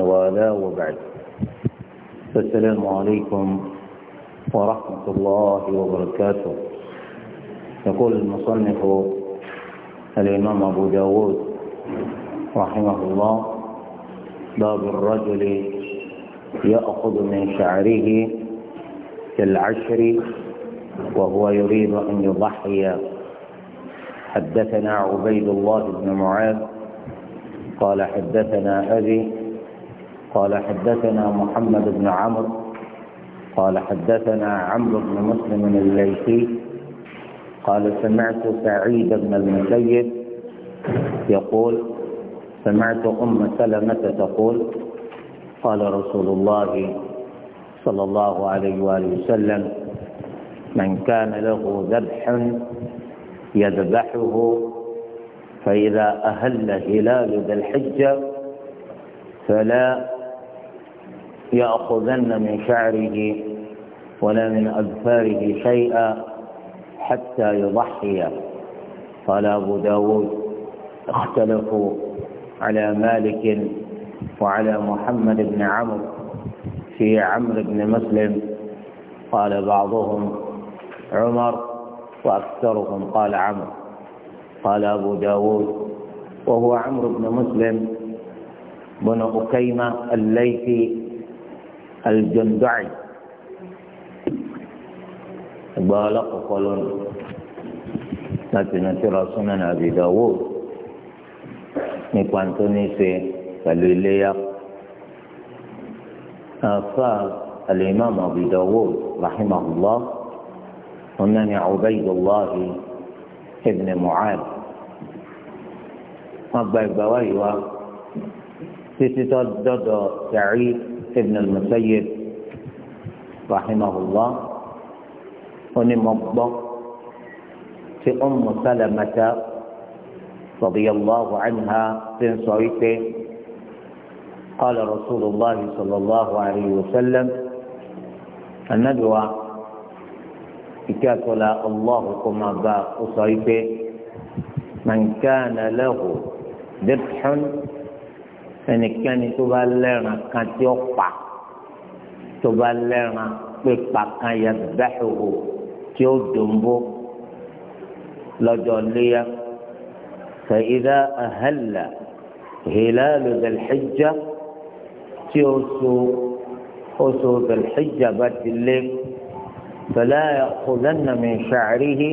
والاه وبعد السلام عليكم ورحمة الله وبركاته يقول المصنف الإمام أبو داود رحمه الله باب الرجل يأخذ من شعره كالعشر وهو يريد أن يضحي حدثنا عبيد الله بن معاذ قال حدثنا أبي قال حدثنا محمد بن عمرو قال حدثنا عمرو بن مسلم الليثي قال سمعت سعيد بن المسيب يقول سمعت أم سلمة تقول قال رسول الله صلى الله عليه وآله وسلم من كان له ذبح يذبحه فإذا أهل هلال ذي الحجة فلا يأخذن من شعره ولا من أذفاره شيئا حتى يضحي قال أبو داود اختلفوا على مالك وعلى محمد بن عمرو في عمرو بن مسلم قال بعضهم عمر وأكثرهم قال عمرو قال أبو داود وهو عمرو بن مسلم بن أكيمة الليثي الجندعي بالق قلن نتنا رسولنا أبي داود نقوان تنسي فلليا أفاق الإمام أبي داوود رحمه الله أنني عبيد الله ابن معاذ أبا إبواي و تتدد سعيد ابن المسيب رحمه الله ونمضى في أم سلمة رضي الله عنها بن صعيته قال رسول الله صلى الله عليه وسلم الندوة إكاكلا الله كما باء صعيته من كان له ذبح ẹnikẹ́ni tó bá lẹ́ran kan tí ó pa tó bá lẹ́ran pípa kan yẹ bee wo tí ó dòǹbó lọ́jọ́ léyà fẹ̀yìdá ahalla hilalu zalxijja tí ó so ó so zalxijja bá ti lé fẹlẹ́ kùdánà mi ṣàcríhi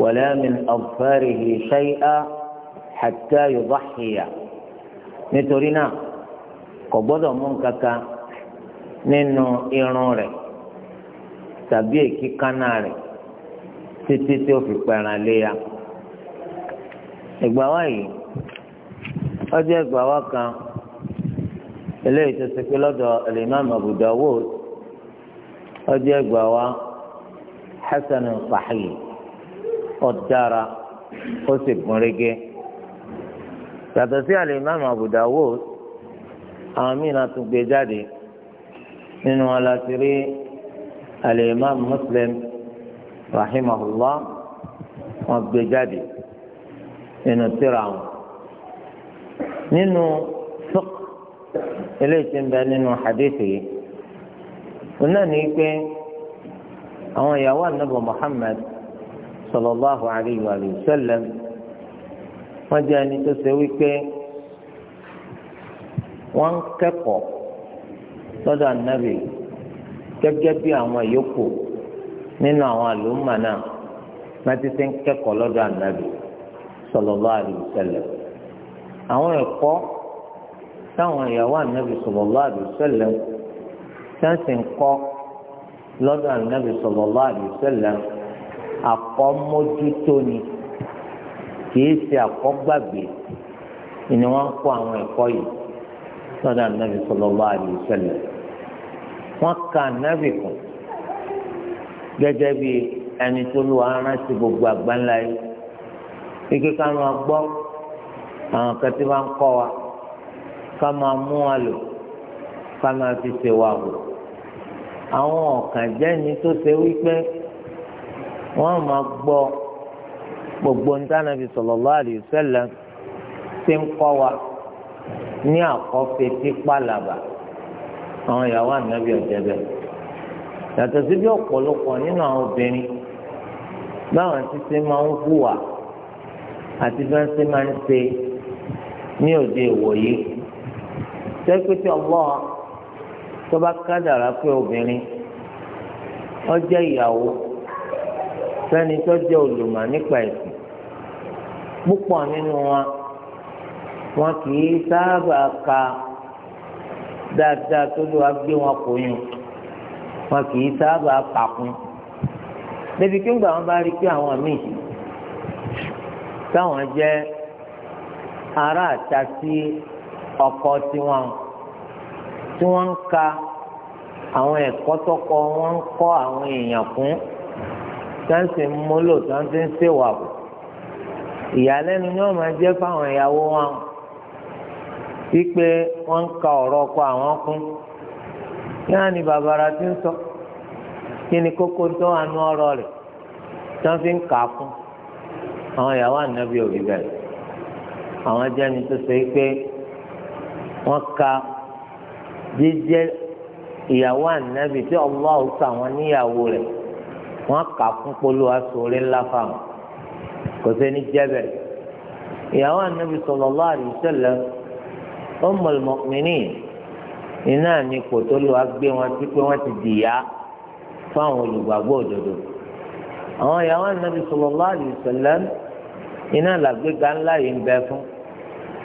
wàlámin ọ̀fẹ́rìhì ṣẹ́yà hàtẹ́ yóò bá xìyà. nítorí náà kò gbọ́dọ̀ mú nǹkan kan nínú irun rẹ̀ tàbí èkí kánà rẹ̀ títí tí ó fi pẹ̀ràn ya. ìgbà wa yìí ó jẹ́ ìgbà wa kan eléyìí tó ṣe pé lọ́dọ̀ Imam Abu Dawud ó jẹ́ ìgbà wa hasan sahih ó dára ó sì gúnrégé. yàtọ̀ sí alimami Abu Dawud àwọn míì náà tún gbé jáde nínú wọn la ti rí alimami Muslim rahimahullah wọn gbé jáde nínú tírà wọn nínú fiqh eléyìí tí ń bẹ nínú hadithi yìí wọn náà ní pé àwọn ìyàwó anabi Muhammad sallallahu alayhi wa sallam wọ́n jẹ́ ẹni tó ṣe wípé wọ́n ń kẹ́kọ̀ọ́ lọ́dọ̀ ànábì gẹ́gẹ́ bí àwọn yòókù nínú àwọn àlùmọ̀ náà wọ́n ti ṣe ń kẹ́kọ̀ọ́ lọ́dọ̀ ànábì sallallahu alaihi wasallam àwọn ẹ̀kọ́ táwọn ìyàwó ànábì sallallahu alaihi wasallam sẹ́ǹsì ń kọ́ lọ́dọ̀ ànábì sallallahu alaihi wasallam àkọ́mójútó ni kìí ṣe àkọ́gbàgbé ni wọ́n kó àwọn ẹ̀kọ́ yìí lọ́dọ̀ ànábì sallallahu alaihi wasallam wọ́n ka ànábì kan gẹ́gẹ́ bí ẹni tó lù aránsì gbogbo àgbáńlá yìí ike ká máa gbọ́ àwọn kan tí wọ́n kọ́ wa ká máa mú wa lò ká máa fi ṣe wa wò àwọn ọ̀kàn jẹ́ni tó ṣe wípé wọ́n máa gbọ́ ọ gbogbo ń dáná bí sallallahu alaihi wasallam ṣe ń kọ́ wa ní àkọ́fetí pàlàbà àwọn ìyàwó ànábì ọ̀jẹ̀ bẹ́ẹ̀. yàtọ̀ sí bí ọ̀pọ̀lọpọ̀ nínú àwọn obìnrin báwọn ti ṣe máa ń hùwà àti bí wọ́n ṣe máa ń ṣe ní òde ìwòye. sẹ́kítì ọgbọ́n tó bá kádàrá pé obìnrin ó jẹ́ ìyàwó sẹ́ni tó jẹ́ olùmọ̀ nípa ẹ̀sìn. púpọ̀ nínú wọn wọn kì í sábà ka dáadáa tó ló wá gbé wọn kò yùn wọn kì í sábà kàkún níbi kí ń gbà wọn bá rí pé àwọn míì táwọn jẹ́ ará àta sí ọkọ tiwọn tí wọn ń ka àwọn ẹ̀kọ́ tọkọ wọn ń kọ àwọn èèyàn fún tí wọ́n sì ń múlò tí wọ́n ti ń ṣèwà fún. ìyàlẹ́nu ni wọ́n máa jẹ́ fáwọn ìyàwó wọn wípé wọ́n ń ka ọ̀rọ̀ ọkọ àwọn kún kí wọ́n ní bàbàrà tí ń sọ kí ni kókó tó wà nú ọ̀rọ̀ rẹ̀ tí wọ́n fi ń kà á kún àwọn ìyàwó ànábì òbí bẹ̀rẹ̀ àwọn jẹ́ni tó ṣe pé wọ́n ka jíjẹ́ ìyàwó ànábì tí ọlọ́wọ́ sọ níyàwó rẹ̀ wọ́n kà á kún polówó aṣọ orí ńlá fáwọn kò sẹ́ni jẹ́bẹ̀ ìyàwó anabi sallallahu alaihi wasallam ummul mu'minin iná ní kò tó lọ agbé wọn sí pé wọ́n ti dìyà fáwọn olùgbàgbọ́ òdodo àwọn ìyàwó anabi sallallahu alaihi wasallam iná làgbéga ńlá yìí ń bẹ fún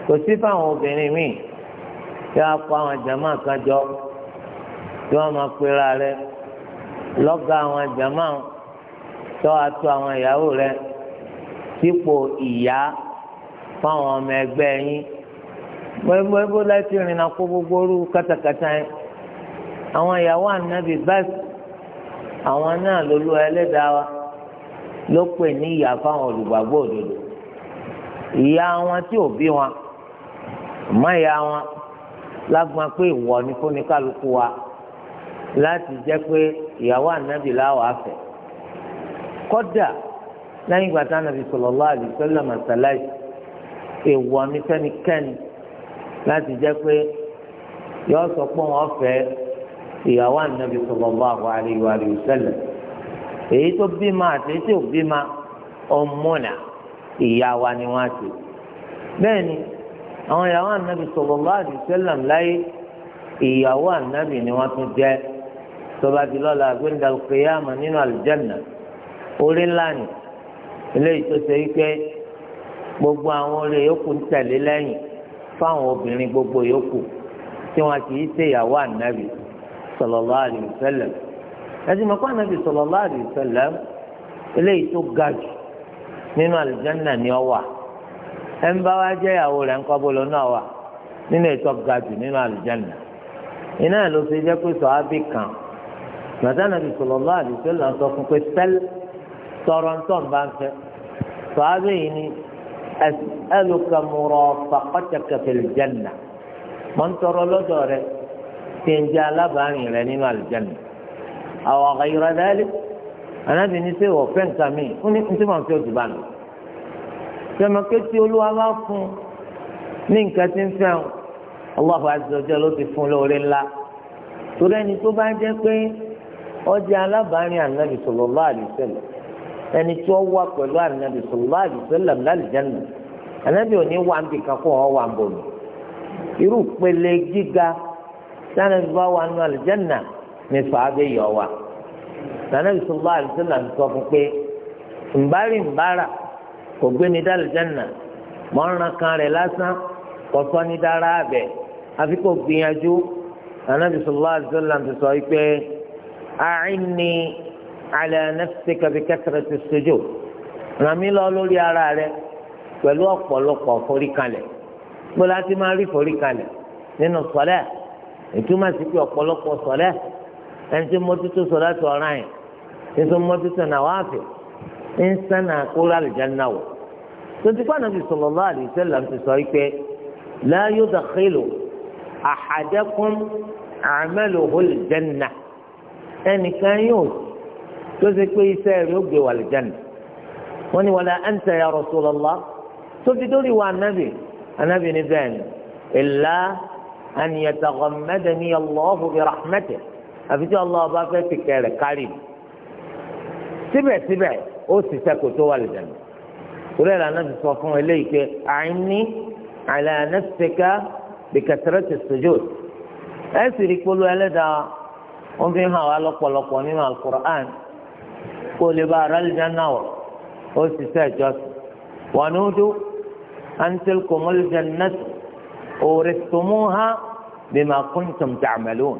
kò sí fáwọn obìnrin míì tí wọ́n kọ àwọn jàmáà kan jọ tí wọ́n máa pera rẹ̀ lọ́gàá àwọn jàmáà tó àtọ àwọn ìyàwó rẹ̀ sípò ìyá fáwọn ọmọ ẹgbẹ́ yín gbogbo láti rìnnà kó gbogbo orú kátàkátà yẹn àwọn ìyàwó ànábì bẹ́ẹ̀ àwọn náà lolú ẹlẹ́dàá wa ló pè ní ìyá fáwọn olùgbàgbọ́ òdodo ìyá wọn tí ò bí wọn mọ ìyá wọn lágbọn pé ìwọ ni fúnikálukú wa láti jẹ́ pé ìyàwó ànábì láwàá fẹ́ kódà lẹ́yìn ìgbà táwọn nàbí sallallahu alaihi wasallam màsálàì èèwọ̀ ní fẹ́nikẹ́ni láti jẹ́ pé yọ sọ pé wọ́n fẹ́ ìyàwó ànábì sallallahu alaihi wasallam èyí tó bímọ àti èyí tí bímọ ọmọnà ìyàwó ni wọ́n ti bẹ́ẹ̀ ni àwọn ìyàwó ànábì sallallahu alaihi wasallam láyé ìyàwó ànábì ni wọ́n tún jẹ́ tó bá di lọ́la gbẹ̀ndàlùkẹ́yàmọ̀ nínú àlùjánnà eléyìí tó ṣe wípé gbogbo àwọn olè yòókù ń tẹ̀lé lẹ́yìn fáwọn obìnrin gbogbo yòókù tí wọn kì í ṣe ìyàwó ànábì sallallahu alaihi wasallam ẹ̀sìn mọ̀kọ́ ànábì sallallahu alaihi wasallam eléyìí tó ga jù nínú àlùjánnà ni ọ wà ẹ̀ ń bá wá jẹ́ ìyàwó rẹ̀ ńkọ́ bolo náà wà nínú ètò ga jù nínú àlùjánnà iná ló ṣe jẹ́ pé sọ ábí kan màtánàbì sallallahu alaihi wasallam sọ fún pé tẹ́lẹ̀ tọrọ ń tọ́ ń bá ń fẹ́ sàábẹ̀ yìí ni as'aluka murafaqataka fil janna mọ̀ ń tọrọ lọ́dọ̀ rẹ kí n jẹ́ alábàárìn rẹ nínú àlùjánnà aw ghayra dhalik anábì ní sèwọ̀ fẹ́ǹkà mi ó ní ntí màá fi ojú bá mi sẹ́mọ̀kẹ́ tí olúwa bá fún ní nǹkan tí ń fẹ́ o Allahu azza wa jalla ló ti fún lóore ńlá torí ẹni tó bá jẹ́ pé ó jẹ́ alábàárìn ànábì sallallahu alaihi wasallam ẹni tí wọ́n wà pẹ̀lú ànábì sallallahu alaihi wasallam lálìjáná ànábì ò ní wà ń bì kan kó wọ́n wà ń bò mí irú pele gíga sanabi bá wà nù àlìjáná ní sàábé yọ wa ànábì sallallahu alaihi wasallam sọ fún pé nbari nbara kò gbé ní dálìjáná mọ́ràn kan rẹ̀ lásán kò sọ ní dára abẹ àfi kò gbìyànjú ànábì sallallahu alaihi sọ yìí pé àìní ala nafsika bi kathrati as-sujud ràn mí lọ lórí ara rẹ pẹ̀lú ọ̀pọ̀lọpọ̀ foríkalẹ̀ gbọ́dọ̀ láti máa rí foríkalẹ̀ nínú sọ̀lẹ́ ìtumọ̀ sí pé ọ̀pọ̀lọpọ̀ sọ̀lẹ́ ẹni tí mójútó sọ̀lẹ́ tó ọ̀ràn yẹn tí tó mójútó nàwáàfẹ́ ń sànà kóra àlùjáná wọ̀ tontigbọ́ Ànábì sallallahu alaihi wasallam ti sọ pé la yudkhilu ahadakum a'maluhu al ẹnìkan yóò tó ṣe pé iṣẹ́ rẹ̀ ó gbé wà lìjánà wọ́n ní wala anta ya Rasulullah tó fi dórí wa anábì anábì ní bẹ́ẹ̀ ni illa an yataghammadani Allahu bi rahmatihi àfi tí Allah bá fẹ́ ti kẹrẹ̀ kárì síbẹ̀síbẹ̀ ó sì sẹ́kù tó wà lìjánà torí ẹ̀ lànà fi fún eléyìí pé a'inni ala nafsika bi kathrati sujud ẹ̀ sì rí polú ẹlẹ́dàá wọn fi hàn wá lọ́pọ̀lọpọ̀ nínú al-Qur'an kó lè bá ara lè dáná wọ̀ ó sì sẹ́ ìjọsìn wọn ò dún antil kòmọ́lì jannatu òrìṣtùmùhà bima kuntum ta'malun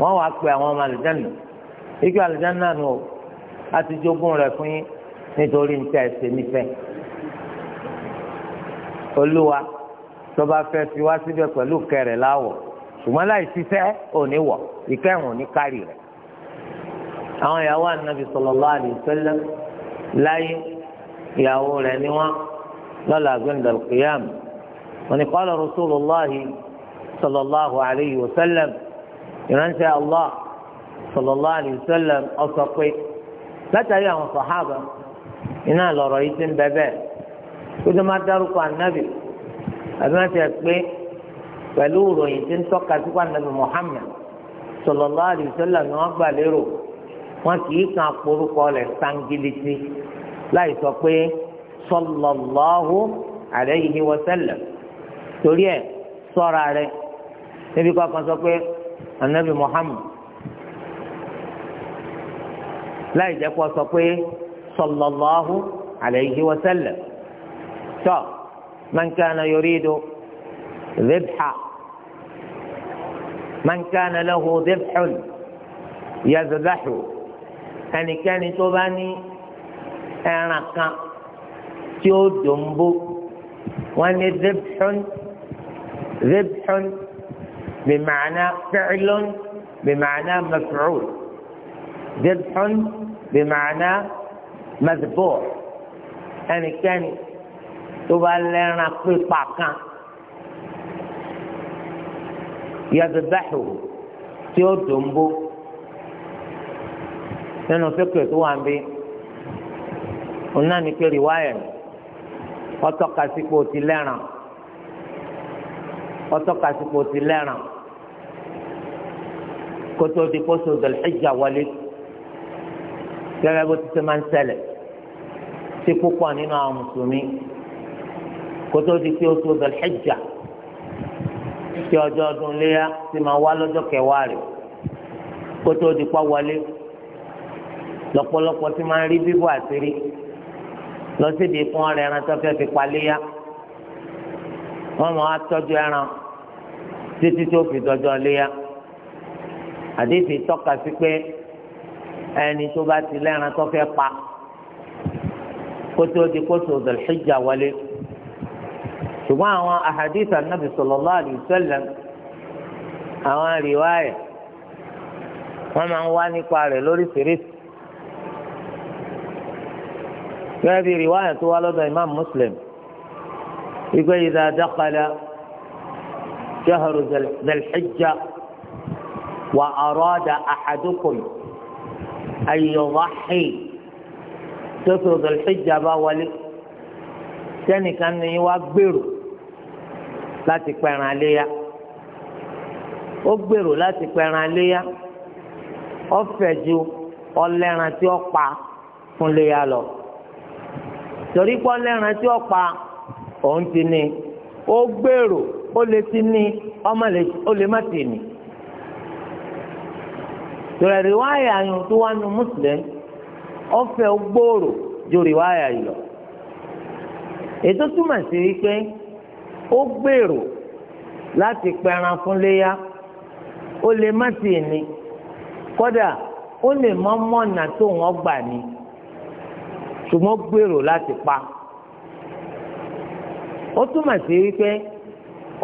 wọn wàá pe àwọn ọmọ àlùjáná ike àlùjáná nù ó àti jogún rẹ̀ fún yín nítorí níta ẹsẹ nífẹ̀ẹ́ olúwa tọba fẹ́ fi wá síbẹ̀ pẹ̀lú kẹrẹ láwọ ṣùgbọ́n láì ṣiṣẹ́ òní wọ ìkẹrùn òní kárì rẹ̀ àwọn ìyàwó ànábì sallallahu alaihi wasallam láyé ìyàwó rẹ̀ ni wọ́n lọ́la gbẹ̀ndàl qiyam wọn ni qala rasulullahi sallallahu alaihi wasallam ìránṣẹ́ allah sallallahu alaihi wasallam ọ̀sọ̀ pé látàrí àwọn sàhábà iná lọ̀rọ̀ yìí ti ń bẹ bẹ́ẹ̀ kó tó má dárúkọ ànábì àbí wọ́n ti ẹ̀ pé pẹ̀lú ìròyìn tí ń tọ́ka sípò ànábì muhammad sallallahu alaihi wasallam ni wọ́n gbà lérò wọn kì í kan porúkọ rẹ̀ sangiliti láì sọ pé sallallahu alayhi wa sallam torí ẹ̀ ṣọ́ra rẹ̀ níbi kọ́ kan sọ pé anabi muhammad láì jẹ́ kó sọ pé sallallahu alayhi wa sallam tó man kana yuridu ribha man kana ribhun yadhahu. ẹnikẹ́ni tó bá ní ẹran kan tí ó dòǹbò wọ́n ní ribhun ribhun bìmàánà fi'lun bìmàánà maf'ul ribhun bìmàánà madhbu' ẹnikẹ́ni tó bá lẹ́ran pípa kan yadhbahu tí ó dòǹbò. nínú fíkìrì tó wà ń bí òun náà ní pé rìwáyà ọtọ́ka sípò ti lẹ́ràn ọtọ́ka sípò ti lẹ́ràn kótó di kóso dòlìjà wọlé gẹ́gẹ́ bó ti ṣe máa ń ṣẹlẹ̀ sí púpọ̀ nínú àwọn mùsùlùmí kótó di kí oṣù dòlìjà tí ọjọ́ ọdún léyà ti máa wá lọ́jọ́ kẹwàá rẹ̀ kótó di pa wọlé lọ́pọ̀lọpọ̀ tí máa ń rí bíbọ̀ àṣírí lọ síbi fún ọ̀rẹ́ ẹran tó fẹ́ fi paléyà wọ́n máa tọ́jú ẹran títí tó fi dọ́jọ́ léyà àdéhìí tọ́ka sí pé ẹni tó bá ti lẹ́ran tó fẹ́ pa kótó di kótó Dhul-Hijjah wọlé ṣùgbọ́n àwọn ahadith anabi sallallahu alayhi wa sallam àwọn riwaayà wọ́n máa ń wá nípa rẹ̀ lóríṣiríṣi gẹ́gẹ́ bí riwaya tó wá lọ́dọ̀ imam muslim ìgbẹ́ yìí dáa dákàlà jahru zalxijja wa arada axadukum ayọ̀wáxì tóso zalxijja bá wọlé sẹ́nìkan ni wá gbèrò láti pẹ̀ràn aléyá ó gbèrò láti pẹ̀ràn aléyá ó fẹ̀ ju ọlẹ́ran tí ó pa fún léyá lọ. torí pọ́ lẹ́ran tí ó pa òun ti ní ó gbèrò ó lè ti ní ọmọ ó lè má ti ní. tòrẹ̀ rìwáyà yòó tó wá nu Muslim ọ̀fẹ́ gbòòrò ju rìwáyà yìí lọ. ètò túmọ̀ sí wípé ó gbèrò láti pẹran fún léyà ó lè má ti ní kódà ó lè mọ́ mọ́nà tó wọ́n gbà ní. ṣùgbọ́n gbèrò láti pa ó túmọ̀ sí wípé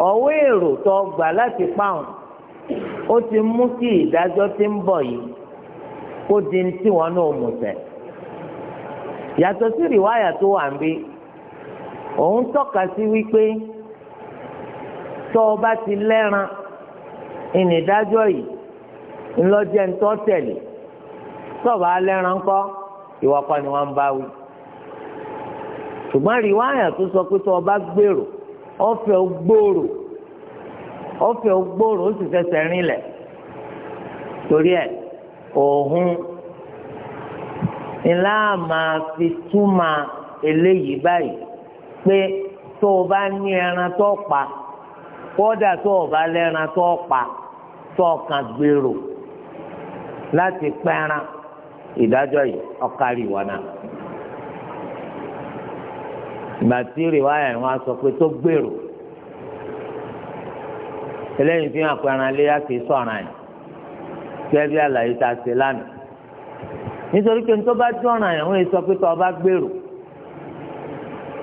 ọ̀wọ́ èrò tó gbà láti pa òun ó ti mú kí ìdájọ́ tí ń bọ̀ yìí kó di tí wọn náà mú ṣẹ yàtọ̀ sí rìwáyà tó wà ń bí òun tọ́ka sí wípé tó o bá ti lẹ́ran ìnìdájọ́ yìí ńlọ́jẹ́ ń tọ́ tẹ̀lé tó o bá lẹ́ran kọ́ ìwọ́pọ̀ ni wọ́n ń bá wí. ṣùgbọ́n rìwáyà tó sọ pé tó ọba gbèrò ó sì fẹsẹ̀ rinlẹ̀ torí ẹ̀ òhun ńlá máa fi túmọ̀ eléyìí báyìí pé tó o bá ní ẹran tó pa kódà ìgbà tí rìwáyà yẹn wọ́n á sọ pé tó gbèrò eléyìí fi hàn pé ẹran iléyà kì í sọ̀ràn yìí gẹ́gẹ́ bí àlàyé tá a ṣe lánàá nítorí pé nítorí bá jọ̀ràn yẹn wọ́n sọ pé tó bá gbèrò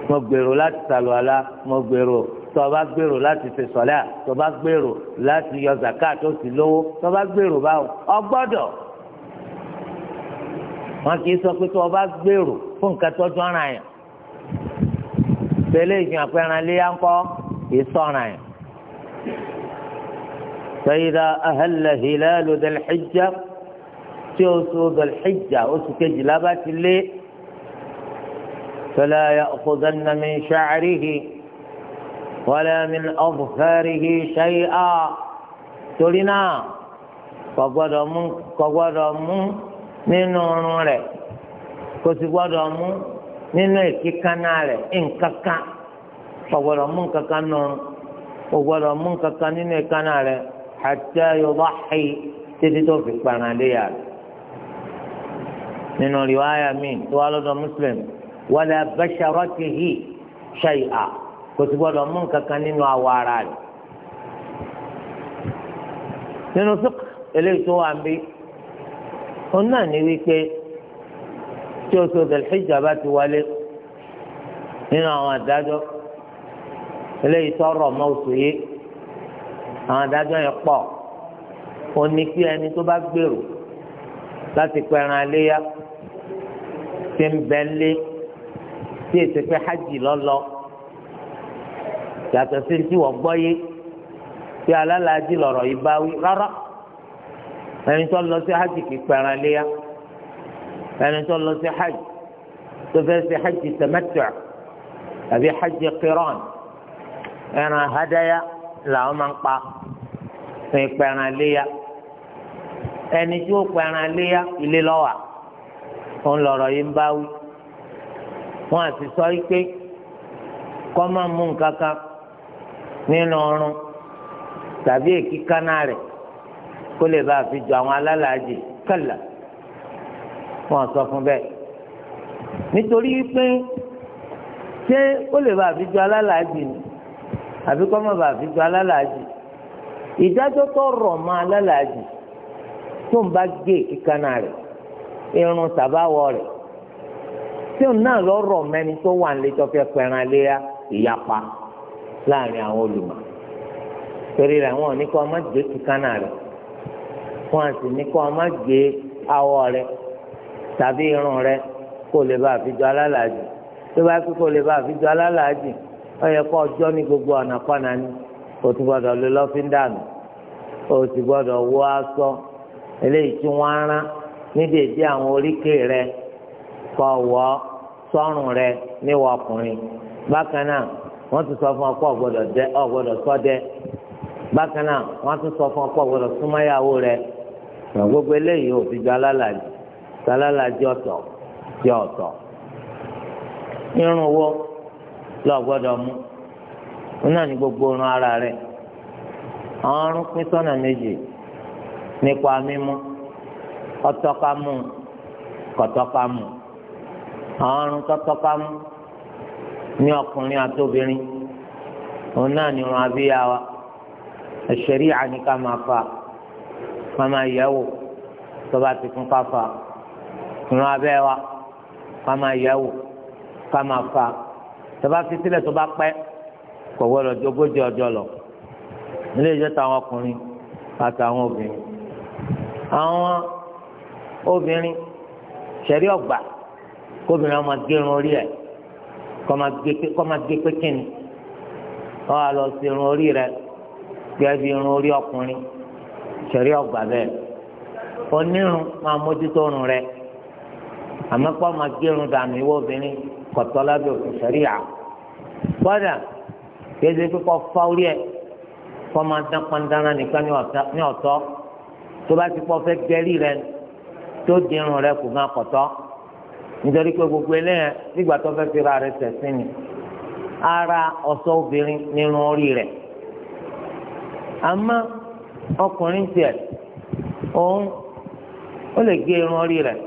mo gbèrò láti sàlùwàlá mo gbèrò tó bá gbèrò láti ṣe sọ̀lẹ́ à tó bá gbèrò láti yọ zakat tó sì lówó tó bá gbèrò báwo o gbọ́dọ̀ wọn sọ pé tó bá gbèrò fún nǹkan tó jọ̀ràn yẹn tẹ́lẹ̀ ìfihàn pé ẹran léyà ń kọ́ kì í sọ̀ràn yẹn. sẹ́yìdá ahẹ́lẹ̀ hilalu dẹ̀lẹ́xìjà tí oṣù dẹ̀lẹ́xìjà oṣù kejìlá bá ti lé fẹlẹ́ ayé ọ̀kọ́dá nàmi ṣàárìhì mi ọ̀bùfẹ́rìhì ṣẹ́yìí á torí náà kò gbọ́dọ̀ mú kò gbọ́dọ̀ nínú ọrùn rẹ̀ kò sì gbọ́dọ̀ mú nínú ìkíkaná rẹ̀ nǹkankan ọ̀gbọ́dọ̀ mú nǹkankan nùrù ọ̀gbọ́dọ̀ mú nǹkankan nínú ìkaná rẹ̀ hatta yudahi títí tó fi kparan léyà rẹ̀ nínú riwaayà mi tó wà lọ́dọ̀ Muslim wala basharatihi shay'a kò sì gbọ́dọ̀ mú nǹkankan nínú awọ ara rẹ̀ nínú sọ́kà eléyìí tó wà ń bí òun náà ní wípé tí oṣù Dhul-Hijja bá ti wálé nínú àwọn àdájọ́ eléyìí tọrọ ọmọ oṣù yìí àwọn adájọ́ yẹn pọ̀ ó ní kí ẹni tó bá gbèrò láti pẹran aléyá ti ń bẹ lé tí èsì pé hajj lọ́lọ́ yàtọ̀ sí ti wọ́n gbọ́ yé tí alálàájì lọ̀rọ̀ yìí bá wí rárá ẹni tó lọ sí hajj kì í pẹran aléyá ẹni tó lọ sí hajj tó fẹ́ sí hajj tamattu' àbí hajj qiran ẹran hadaya làwọn máa ń pa fún ìpẹran léya ẹni tí ó pẹran léya ilé lọ́wà ó ń lọ̀rọ̀ yìí ń bá wí wọn àti sọ pé kọ́ máa mú nǹkan kan nínú ọrùn tàbí èkíkánná rẹ̀ kó lè bá a fi jọ àwọn alálàájì kàlà wọn sọ fún bẹ́ẹ̀ nítorí pé ṣé ó lè bá àfijọ́ alálàájì ni àbí kọ́ mọ̀ bá àfijọ́ alálàájì ìdájọ́ tó rọ̀ mọ́ alálàájì tó ń bá gé ìkànnà rẹ̀ irun sàbáwọ̀ rẹ̀ tí òun náà lọ rọ̀ mẹ́ni tó wà nílé tó fẹ́ pẹ̀ràn léyà ìyapa láàrin àwọn olùmọ̀ torí rẹ̀ wọn ò ní kọ́ ọ má gé kíkánná rẹ̀ wọn à sì ní kọ́ ọ má gé awọ rẹ̀ tàbí irun rẹ kó lè bá àfijọ́ alálàájì tó bá kó lè bá àfijọ́ alálàájì ó ọjọ́ ní gbogbo ọ̀nà ni o ti gbọdọ̀ o ti gbọdọ̀ wọ aṣọ eléyìí tí wọ́n rán èdè àwọn oríkèé rẹ kọ́ wọ́ rẹ níwọ̀ ọkùnrin bákan náà wọ́n ti sọ fún ọ pé ọ̀gbọ́dọ̀ dẹ ọ̀gbọ́dọ̀ bákan náà wọ́n ti sọ fún ọ sálálà jẹ́ ọ̀tọ̀ jẹ́ ọ̀tọ̀ irun wo lọ gbọ́dọ̀ mú wọn náà ní gbogbo irun ara rẹ̀ àwọn ọrùn pín sọ́nà méjì nípa mímú ọtọ́kámú kọ̀tọ́kámú àwọn ọrùn tọ́tọ́kámú ní ọkùnrin àtòbìnrin òun náà ní irun abíyá wa àníkà máa fa máa yẹ̀ wò tó bá ti fún káfa ìran abẹ́ wa ká máa yẹ̀ wò ká máa fa tọba fi sílẹ̀ tó bá pẹ́ kò wọlọ ogójì ọjọ́ lọ nílé ìjọ táwọn ọkùnrin àtàwọn obìnrin àwọn obìnrin ṣẹ̀rí ọ̀gbà kóbìnrin ọmọ gérun orí ẹ̀ kọ́ máa gé pékinni wọ́n á lọ sí irun orí rẹ̀ gẹ́gẹ́ irun orí ọkùnrin ṣẹ̀rí ọ̀gbà bẹ́ẹ̀ onírun máa mójútó irun rẹ̀ àmọ́ kọ́ máa dànù ìwọ obìnrin kọ̀tọ́ lábẹ́ òfin sẹ́rí à kéde kíkọ́ fá orí ẹ̀ kọ́ nìkan ní ọ̀tọ́ tó bá ti pọ̀ fẹ́ gẹ́rí rẹ tó dirun rẹ kò nítorí pé gbogbo ara ọ̀ṣọ́ obìnrin nínú orí rẹ̀ àmọ́ ọkùnrin tiẹ̀ òun ó lè gé irun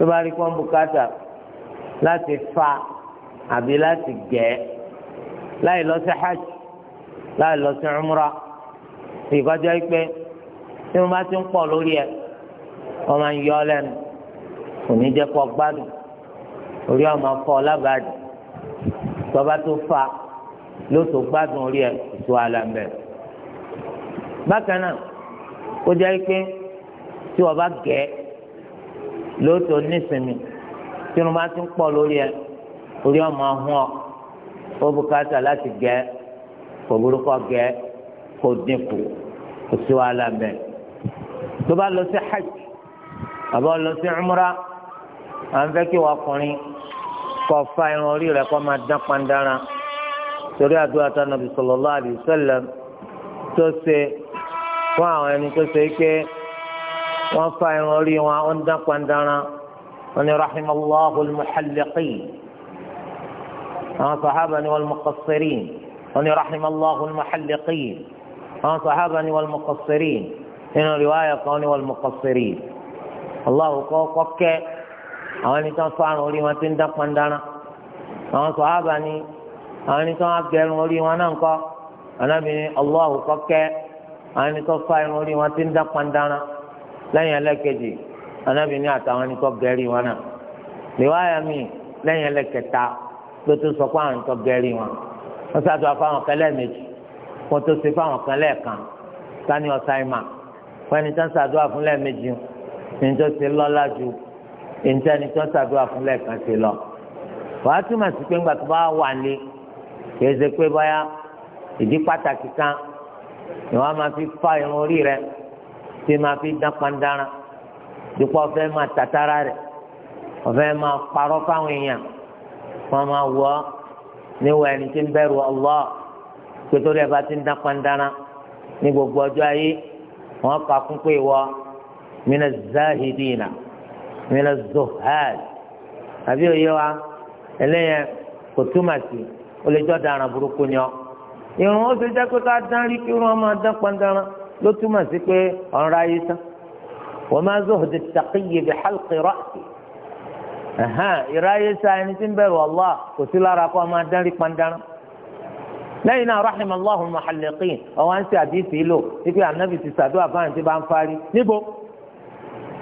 tó bá rí pọ́ńbù káàtà láti fa àbí láti gẹ̀ ẹ́ láì lọ sí hajj láì lọ sí umra ìkọjá pé tí wọ́n bá ti ń pọ̀ lórí ẹ̀ wọ́n máa ń yọ ọ lẹ́nu kò ní jẹ́ kó gbádùn orí ọmọ fọ́ lábàdì tọ́ba tó fa ló tó gbádùn orí ẹ̀ tó alàmbẹ̀. bákan náà ó jẹ́ pé tí wọ́n bá gẹ̀ ẹ́ lóòótọ́ nísìnyí tí wọn bá ti ń pọ̀ lórí ẹ orí ọmọ ọhún ọ ó bùkátà láti gẹ kò burúkọ gẹ kò dínkù kò sí wàhálà mẹ tó bá lọ sí hajj àbá lọ sí umra à ń fẹ́ kí wọ́n ọkùnrin kó fa irun orí rẹ̀ máa dán pandára torí àdúrà wọ́n fa irun orí wọn ó ń dán pandara wọn ni rahimallahu almuhalliqin àwọn sahaba ni wọn muqassirin wọn ni rahimallahu almuhalliqin àwọn sahaba ni wọn muqassirin nínú riwaayà kan ni wọn muqassirin allahu kọ́ kọ́kẹ́ àwọn ẹni tó ń fa irun orí wọn ti ń dán pandara àwọn sahaba ni àwọn ẹni tó ń gẹrun orí wọn náà ń kọ́ anábìrin allahu kọ́kẹ́ àwọn ẹni tó fa irun orí wọn ti ń dán pandara. lẹ́yìn ẹlẹ́kẹjì anabi ní àtàwọn ẹni tó gẹrí wọn náà níwáyà mi lẹ́yìn ẹlẹ́kẹta ló tó sọ fún àwọn ẹni tó gẹrí wọn wọn sá tó fáwọn kan lẹ́ẹ̀mejì wọn tó ṣe fáwọn kan lẹ́ẹ̀kan sani ọsáìmà wọn ẹni tó ń ṣàdúrà fún lẹ́ẹ̀mejì ẹni tó ṣe lọ́lá ju ẹni tó ẹni tó ń ṣàdúrà fún lẹ́ẹ̀kan ṣe lọ wàá túmọ̀ sí pé ńgbà tó bá wà lé kìí ṣe pé báyà ìdí pàtàkì kan ni wọ́n máa fi fa irun orí rẹ̀ tí ma fi dán pandara dípò ọ̀fẹ́ máa tàtàrà rẹ̀ ọ̀fẹ́ ma parọ́ fáwọn èèyàn wọ́n máa wọ́ níwọ̀ ẹni tí ń bẹ̀rù Allah pété rẹ̀ bá ti dán ní gbogbo ayé wọ́n kà kún pé wọ́ mina zahidina mina zohad àbí òye wa kò túmọ̀ sí burúkú ni ọ. ó ti jẹ́ pé ká dán rí kí irun ọmọ dán ló túmọ̀ sí pé ọ̀nra yìí tán wọ́n máa zuhdi taqiyyi bi halqi ra'si ìráyé sa ẹni tí ń bẹ̀rù Allah kò sí lára kó máa dánrí pandánrá lẹ́yìn náà rahim allahu muhalliqin ọwọ́ ń ṣe àdìsí lò wípé anabi ti sàdúrà fáwọn tí bá ń fárí níbo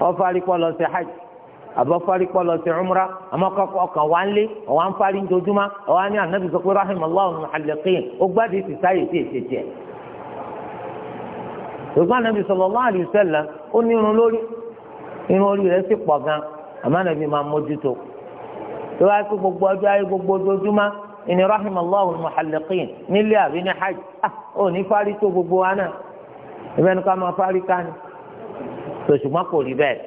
ọ fárí pọ́ lọ sí hajj àbọ̀ fárí pọ́ lọ sí umra àmọ́ ọkàn wá ń lé ọwọ́ ń fárí ń dojúmọ́ ọwọ́ ní anabi sọ pé rahim allahu muhalliqin ó gbádìí ti sáyè sí ètè ṣùgbọ́n anabi sallallahu alaihi wasallam ó ní irun lórí irun orí rẹ̀ sì pọ̀ gan àmọ́ anabi máa mójútó tó wáá kó gbogbo ọjọ́ ayé gbogbo ojoojúmọ́ ìní rahimallahu muhalliqin nílé àbí ní hajj ah ò ní parí tó gbogbo wa náà ibẹ̀ ni ká máa parí ká ni tó ṣùgbọ́n kò rí bẹ́ẹ̀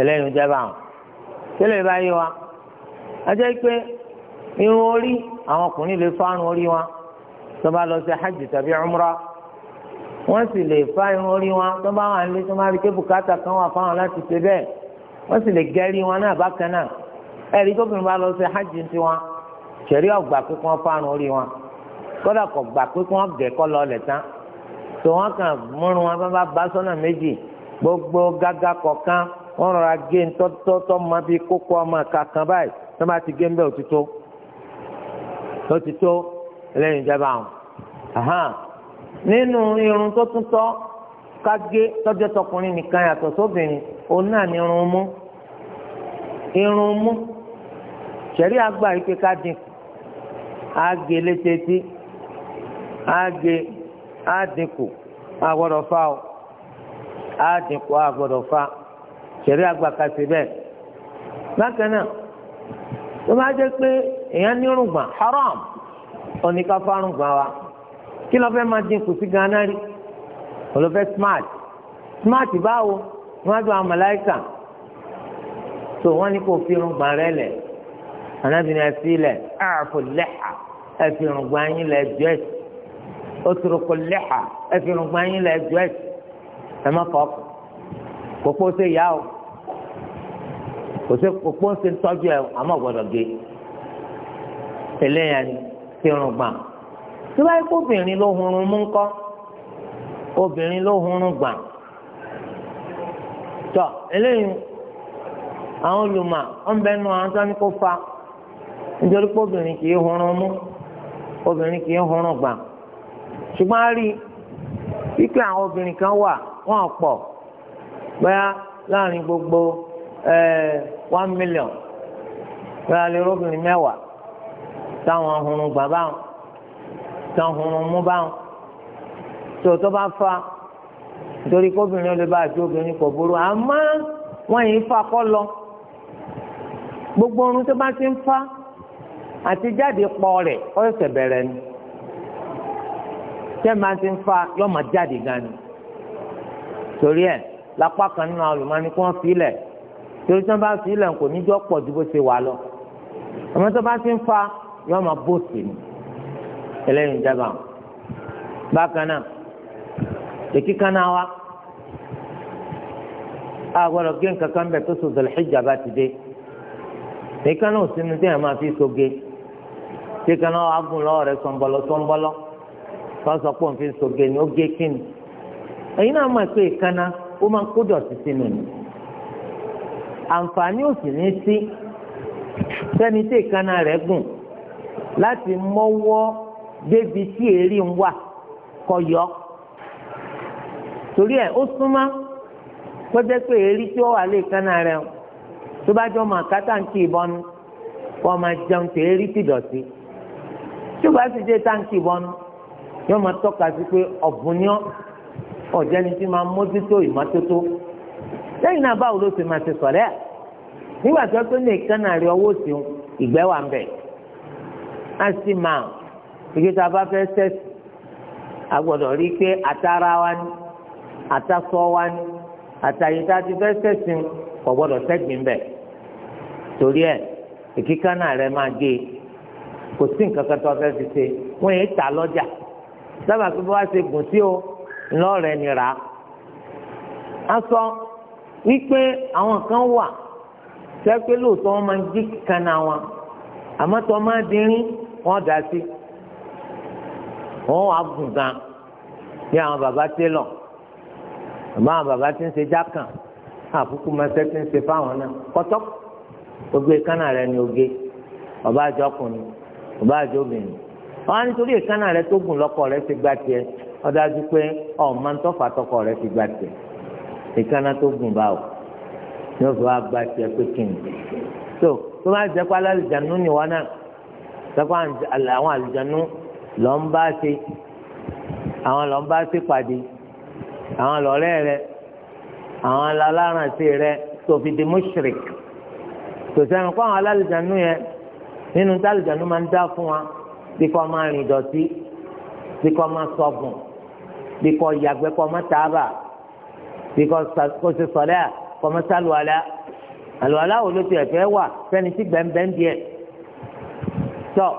ẹlẹ́yin jẹ́ báwọn tẹ́lẹ̀ báyìí wa ajẹ́ pé irun orí àwọn ọkùnrin lè fárun orí wa tó bá lọ sí hajj tàbí umrah wọ́n sì lè fa irun orí wọn tó bá wà nílé tó máa rí pé bùkátà kan wà fáwọn láti ṣe bẹ́ẹ̀ wọ́n sì lè gẹ́rí wọn náà bákan náà ẹ̀rí tóbìnrin bá lọ sí hajj ti wọn ṣẹ̀rí ọ̀gbà pé kí wọ́n fa irun orí wọn kódà kò gbà pé kí wọ́n gẹ̀ kọ́ lọ lẹ̀ tán tó wọ́n kàn múrun wọn bá bá bá sọ́nà méjì gbogbo gágá kọ̀ọ̀kan wọ́n rọra gé tọ́tọ́tọ́ máa fi kókó ọmọ kankan báyìí tó bá ti gé ń bẹ́ òtítọ́ òtítọ́ lẹ́yìn ìjọba àwọn nínú irun tó tún tọ́ ká gé tọkùnrin nìkan yàtọ̀ sóbìnrin òun náà ní irun mú irun mú ṣẹ̀rí àgbà yìí pé ká dínkù á gé létetí á àdínkù á dínkù á gbọ́dọ̀ fa o á dínkù á gbọ́dọ̀ fa ṣẹ̀rí àgbà ká sí bẹ́ẹ̀ bákan náà tó bá jẹ́ pé èèyàn nírùngbọ̀n haram oníkàfárùngbọ̀n wa. kí ló fẹ́ máa dín kù sí ganan rí olùfẹ́ smart smart báwo wọ́n á dùn àwọn màláìkà tó wọ́n ní kò fi irun gbà rẹ lẹ̀ anábìrin ẹ̀fí lẹ̀ ẹ̀fọ́ lẹ́hà ẹ̀fí irun gbà yín lẹ̀ jẹ́sì otoroko lẹ́hà ẹ̀fí irun gbà yín lẹ̀ jẹ́sì ẹ̀ má fọ́ kókó ṣe yá o kókó ṣe ń tọ́jú ẹ̀ àmọ́ gbọ́dọ̀ gé eléyàn ti irun gbà. tí wáyé kó ló hunrun mú nkọ obìnrin ló hunrun gbà tọ eléyìí àwọn olùmọ̀ ọ̀nbẹ́nu àwọn tó ní kó fa nítorí pé kì í mú obìnrin kì í hunrun gbà ṣùgbọ́n a rí wípé àwọn obìnrin kan wà pọ̀ bẹ́ẹ̀ láàrin gbogbo one million bẹ́ẹ̀ nǹkan ọ̀hún mú báwọn tó tó bá fa nítorí kóbìnrin ó lè bá àti obìnrin kò burú àmọ́ wọ́n yìí fa kọ́ lọ gbogbo orun tó bá ti ń fa àti jáde pọ̀ rẹ̀ ó ṣẹ̀ṣẹ̀ bẹ̀rẹ̀ ni tẹ́ máa ti ń fa yọ́ máa jáde gan ni torí ẹ̀ lápá kan nínú àlùmọ́ni kí wọ́n fi torí tí wọ́n bá fi kò ní jọ́ pọ̀ ju bó ṣe wà lọ àmọ́ tó bá ti ń fa yọ́ máa bó sí ni eléyìí jábà bákan náà èkíkan náà wá a gbọ́dọ̀ gé nǹkan kan bẹ tó so zòlìxìjà bá ti dé èkíkan náà sínú tí yẹn máa fi so gé èkíkan náà wá gùn lọ́wọ́ rẹ sọ̀nbọ̀lọ́ sọ̀nbọ̀lọ́ fọ́sọ̀ pọ̀ nfi so gé ni ó gé kíni èyí náà máa pé èkíkan náà ó máa kó dọ̀tí sínú ni àǹfààní ò ní sí sẹ́ni tí èkíkan náà rẹ̀ gùn láti mọ́wọ́ débi tí èrí ń wà kọ yọ torí ẹ ó súnmọ́ kó jẹ́ pé èrí tí ó wà lè kánná rẹ o tó bá jọ mọ àkátáǹkì ìbọnú kó ọmọ jẹun tè èrí ti dọ̀tí tó bá ti jẹ táǹkì ìbọnú yóò máa tọ́ka sí pé ọ̀bùn ni ọ̀jẹ́ni tí máa mójútó ìmọ́tótó lẹ́yìn náà báwo ló ti máa ti sọ̀rẹ́ ẹ̀ nígbà tó pé ní ìkànnà rí ọwọ́ sí ìgbẹ́ ń bẹ̀ á sì máa ike tá a bá fẹ́ sẹ́sì a gbọ́dọ̀ rí i pé àtàrà wa ni àtàsọ wa ni àtàyè tá a ti fẹ́ sẹ́sì kò gbọ́dọ̀ sẹ́gbìn bẹ̀ torí ẹ̀ èkíkà náà rẹ máa gé e kò sí nǹkan kan tó fẹ́ fi ṣe wọ́n yẹn tà lọ́jà sábà pé wọ́n á ṣe gùn sí o lọ́ọ̀rẹ́ ni rà á. a sọ wípé àwọn kan wà sẹ́pẹ́ lóòótọ́ wọ́n máa ń jí kanna wọn àmọ́ tó máa dín rí wọ́n dá sí i wọ́n wà gùn gan ní àwọn bàbá télọ̀ àmọ́ àwọn bàbá tí ń ṣe jákàn àkókò mẹsẹ̀ tí ń ṣe fáwọn náà kọ́tọ́ gbogbo ìkànnà rẹ ni oge ọba àjọkùnrin ọba àjọbìnrin wọn á nítorí ìkànnà rẹ tó gùn lọ́kọ rẹ ti gbà tiẹ̀ ọdájú pé ọmọ ń tọkọ rẹ ti gbà tiẹ̀ ìkànnà tó gùn báwò ní o fi wá gbà tiẹ̀ pé kí ni tó tó bá jẹ́ pé alálìjánu ni wọn náà jẹ́ pé àwọn àlìjánu lọ ń bá ṣe àwọn lọ ń bá ṣe pàdé àwọn lọ́rẹ́ rẹ àwọn alárànṣe rẹ tó fi di mushrik kò sẹ́nu kó àwọn alálùjánu yẹn nínú tí alùjánu máa ń dá fún wa bí kò máa rìn dọ̀tí bí kò máa sọ̀gùn bí kò yàgbẹ́ kò máa tààbà bí kò ṣe sọ̀lẹ́ à kò máa sálùwàlá àlùwàlá wo ló ti ẹ̀fẹ́ wà sẹ́ni tí gbẹ̀ǹgbẹ̀ǹ díẹ̀ tọ́. So,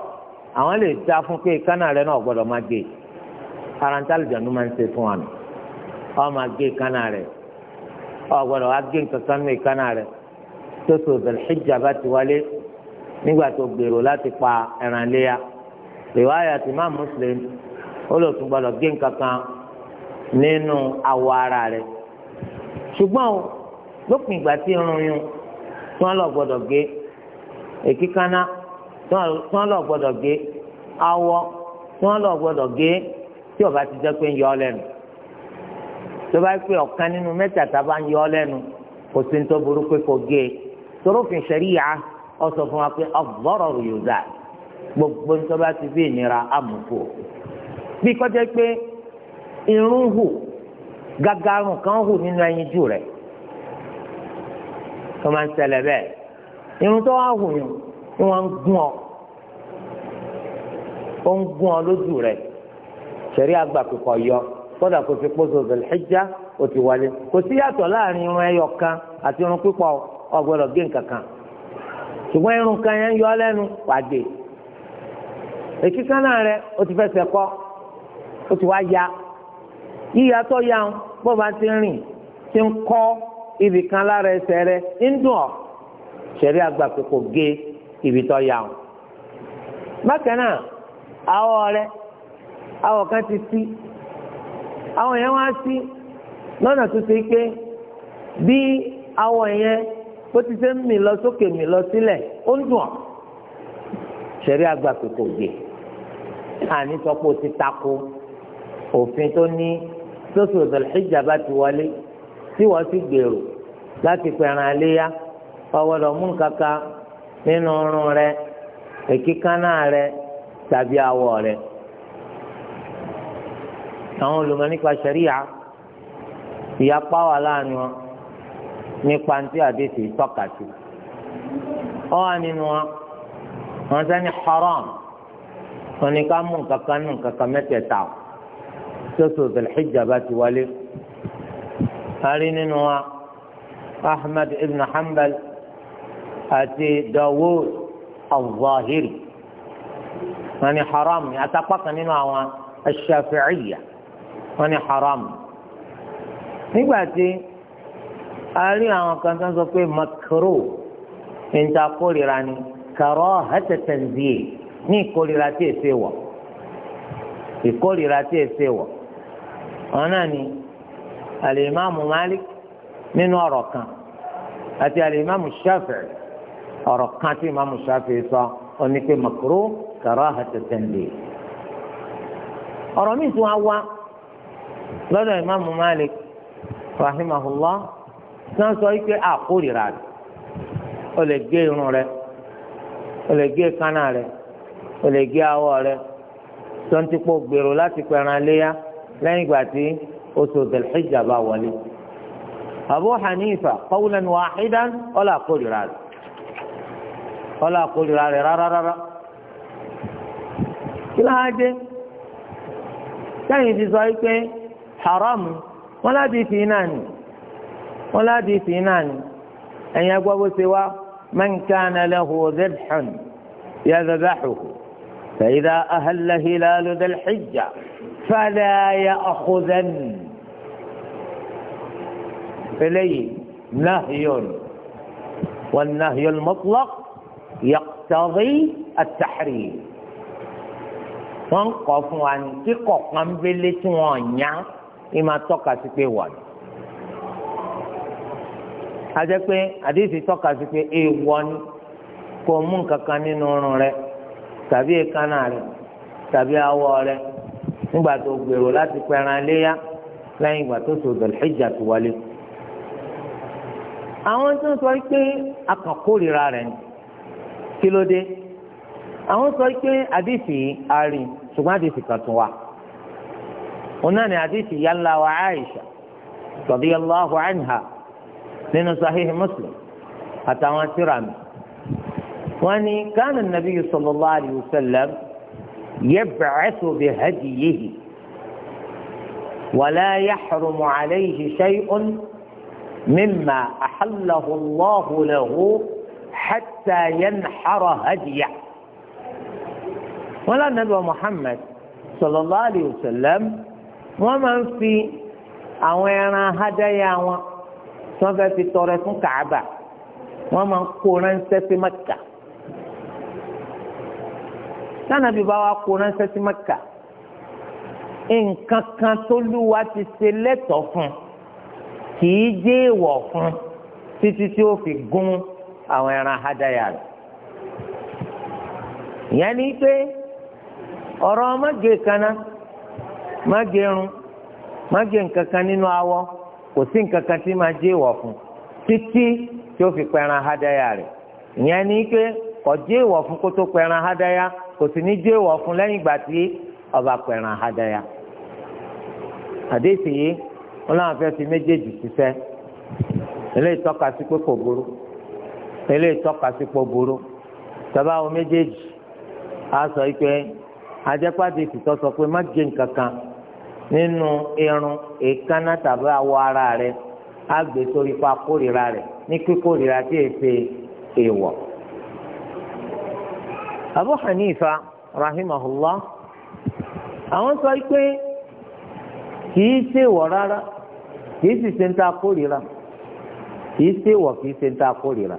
àwọn lè ta fún pé kánà rẹ náà gbọ́dọ̀ máa gé parantali jọ̀nù máa ń ṣe fún wa ọ máa gé kánà rẹ ọ gbọ́dọ̀ wá gé nǹkan kan nù kánà rẹ tó so bá ti wálé nígbà tó gbèrò láti pa ẹran léya rìwáyà tí máa mùsùlùmí ó lò tún gbọ́dọ̀ gé nǹkan kan nínú awọ ara rẹ ṣùgbọ́n lópin ìgbà tí irun yun tí lọ gé tí wọ́n lọ gbọ́dọ̀ gé awọ tí wọ́n lọ gbọ́dọ̀ gé tí ó bá ti jẹ́ pé ń yọ ọ lẹ́nu tó bá pé ọ̀kan nínú mẹ́tàtà bá ń yọ ọ lẹ́nu kò sí ní tó burú pé kò gé e torófin ṣẹ̀ríyà ọ sọ fún wa pé ọ̀gbọ́rọ̀ yóò gbogbo ní tó ti bí ìnira àmúkù bí kọjá pé irun hù gagarun kan hù nínú ẹyinjú rẹ̀ tó máa ń ṣẹlẹ̀ bẹ́ẹ̀ irun tó wá hù yàn tí gún ọ ó ń gún ọ lójú rẹ sẹ̀rí àgbà yọ kódà kò fi kpọ́sọ̀ dhul ó ti wálé kò sí láàrin irun ẹyọ kan àti irun pípọ̀ ọgbọ́dọ̀ gé nǹkan kan irun kan yẹn ń yọ rẹ ó ti ó ya yíya tó ya ń rẹ ń dùn ibi tó yà wọn. bákan awọ rẹ kan ti si àwọ̀ yẹn wá sí lọ́nà tó ṣe pé bí àwọ̀ yẹn bó ti ṣe lọ sókè mì lọ sílẹ̀ ó ń dùn àgbà gbé àní ti tako òfin tó ní sọ́sọ̀ ìdàlẹ́jà ti wọlé tí wọ́n ti gbèrò láti pẹ̀ràn àléyá mú nínú ọrùn rẹ èkíkánná rẹ tàbí awọ rẹ àwọn olùmọ̀ nípa sẹríya ìyapa wà láàrin wọn nípa ntí àdéhìí tọ́ka sí ọ wà nínú wọn wọn sẹni haram wọn ni ká mú nǹkankan nù nǹkankan mẹ́tẹ̀ẹ̀ta o tóso zèlxìjà bá ti wálé a nínú wa Ahmad ibn Hanbal àti Dawud al-Zahiri wọ́n ní haram ni àtàkpà kan nínú àwọn ash-Shafi'iyya wọ́n ní haram nígbà tí a rí àwọn kan tó ń sọ pé makaro níta kórìíra ni karahata tanzih ní ìkórìíra tí èsè wọ̀ ìkórìíra tí èsè wọ̀ wọn náà ni alimami Malik nínú ọ̀rọ̀ kan àti alimami Shafi'i ọ̀rọ̀ kan tí ìmáàmù Ṣáfi'í sọ ọ ní pé makruh karahata tanbih ọ̀rọ̀ míì tún á wá lọ́dọ̀ ìmáàmù Malik rahimahullah tí wọ́n sọ wípé àkórìíra rẹ̀ o lè gé irun rẹ̀ o lè gé kánà rẹ̀ o lè gé awọ rẹ̀ tó ń ti pò gbèrò láti pẹran léyà lẹ́yìn ìgbà tí oṣù dhul bá wọlé Abu Hanifa qawlan wahidan ọ̀là àkórìíra rẹ̀. فلا أقول لا را را را را كلا هاجة كان في حرام ولا دي فينان ولا دي فينان أن يقوى سوى من كان له ذبح يذبحه فإذا أهل هلال ذا الحجة فلا يأخذن إليه نهي والنهي المطلق yaqtadi at wọn wọ́n fún wa ní kíkọ̀ pọ́nbélé tí ni sí pé a pé tọka sí pé kò mú rẹ tàbí rẹ tàbí awọ rẹ nígbà tó gbèrò láti pẹran léyà lẹ́yìn ìgbà tó wọlé. kí ló dé àwọn sọ pé àdìsí àárín ṣùgbọ́n àdìsí kan tún wà òun náà ni àdìsí yálà wa Aisha radiyallahu anha nínú sahih Muslim àtàwọn síra mi wọn ni kánà nàbí sallallahu alayhi wa sallam yab'athu bi hadiyihi wala yahrumu alayhi shay'un mimma ahallahu Allahu lahu hatta yanhara hadiya wọn lànà bí wọn Muhammad sallallahu alayhi wa sallam wọn máa ń fi àwọn ẹran hádáyà wọn tí wọn fẹẹ fi tọrẹ fún Kaaba wọn máa ń kó ránṣẹ́ sí Mẹ́kà lánàá bí báwa kó ránṣẹ́ sí Mẹ́kà nǹkan kan tó lúwa ti ṣe lẹ́tọ̀ọ́ fún kì í jẹ́ èèwọ̀ fún títí tí ó fi gún un. àwọn ẹran hádáyà rẹ̀ ìyẹn ni pé ọ̀rọ̀ má kaná irun awọ kò sí nǹkan kan tí máa jẹ́ ìwọ̀ fún títí tí ó fi pẹran hádáyà rẹ̀ ìyẹn ni pé kò ìwọ̀ fún kó tó kò sì ní jẹ́ ìwọ̀ fún lẹ́yìn ọba pẹran hádáyà àdéhìí wọn làwọn fẹ́ẹ́ fi méjèèjì ṣiṣẹ́ eléyìí tọ́ka sí pé kò burú. eléyìí tọ́ka sípò burú tọ́ba àwọn méjèèjì á sọ pé ajẹ́pàdé ìtìtọ́ sọ pé má jẹ nǹkan kan nínú irun èékánná tàbí awọ ara rẹ á gbé sórí pa kórìíra rẹ ní kíkórìíra tí èsè èèwọ̀. Abu Hanifa rahimahullah àwọn sọ pé kìí ṣèwọ̀ rárá kìí sì ṣe ń ta kórìíra kìí ṣèwọ̀ kìí ṣe ń ta kórìíra.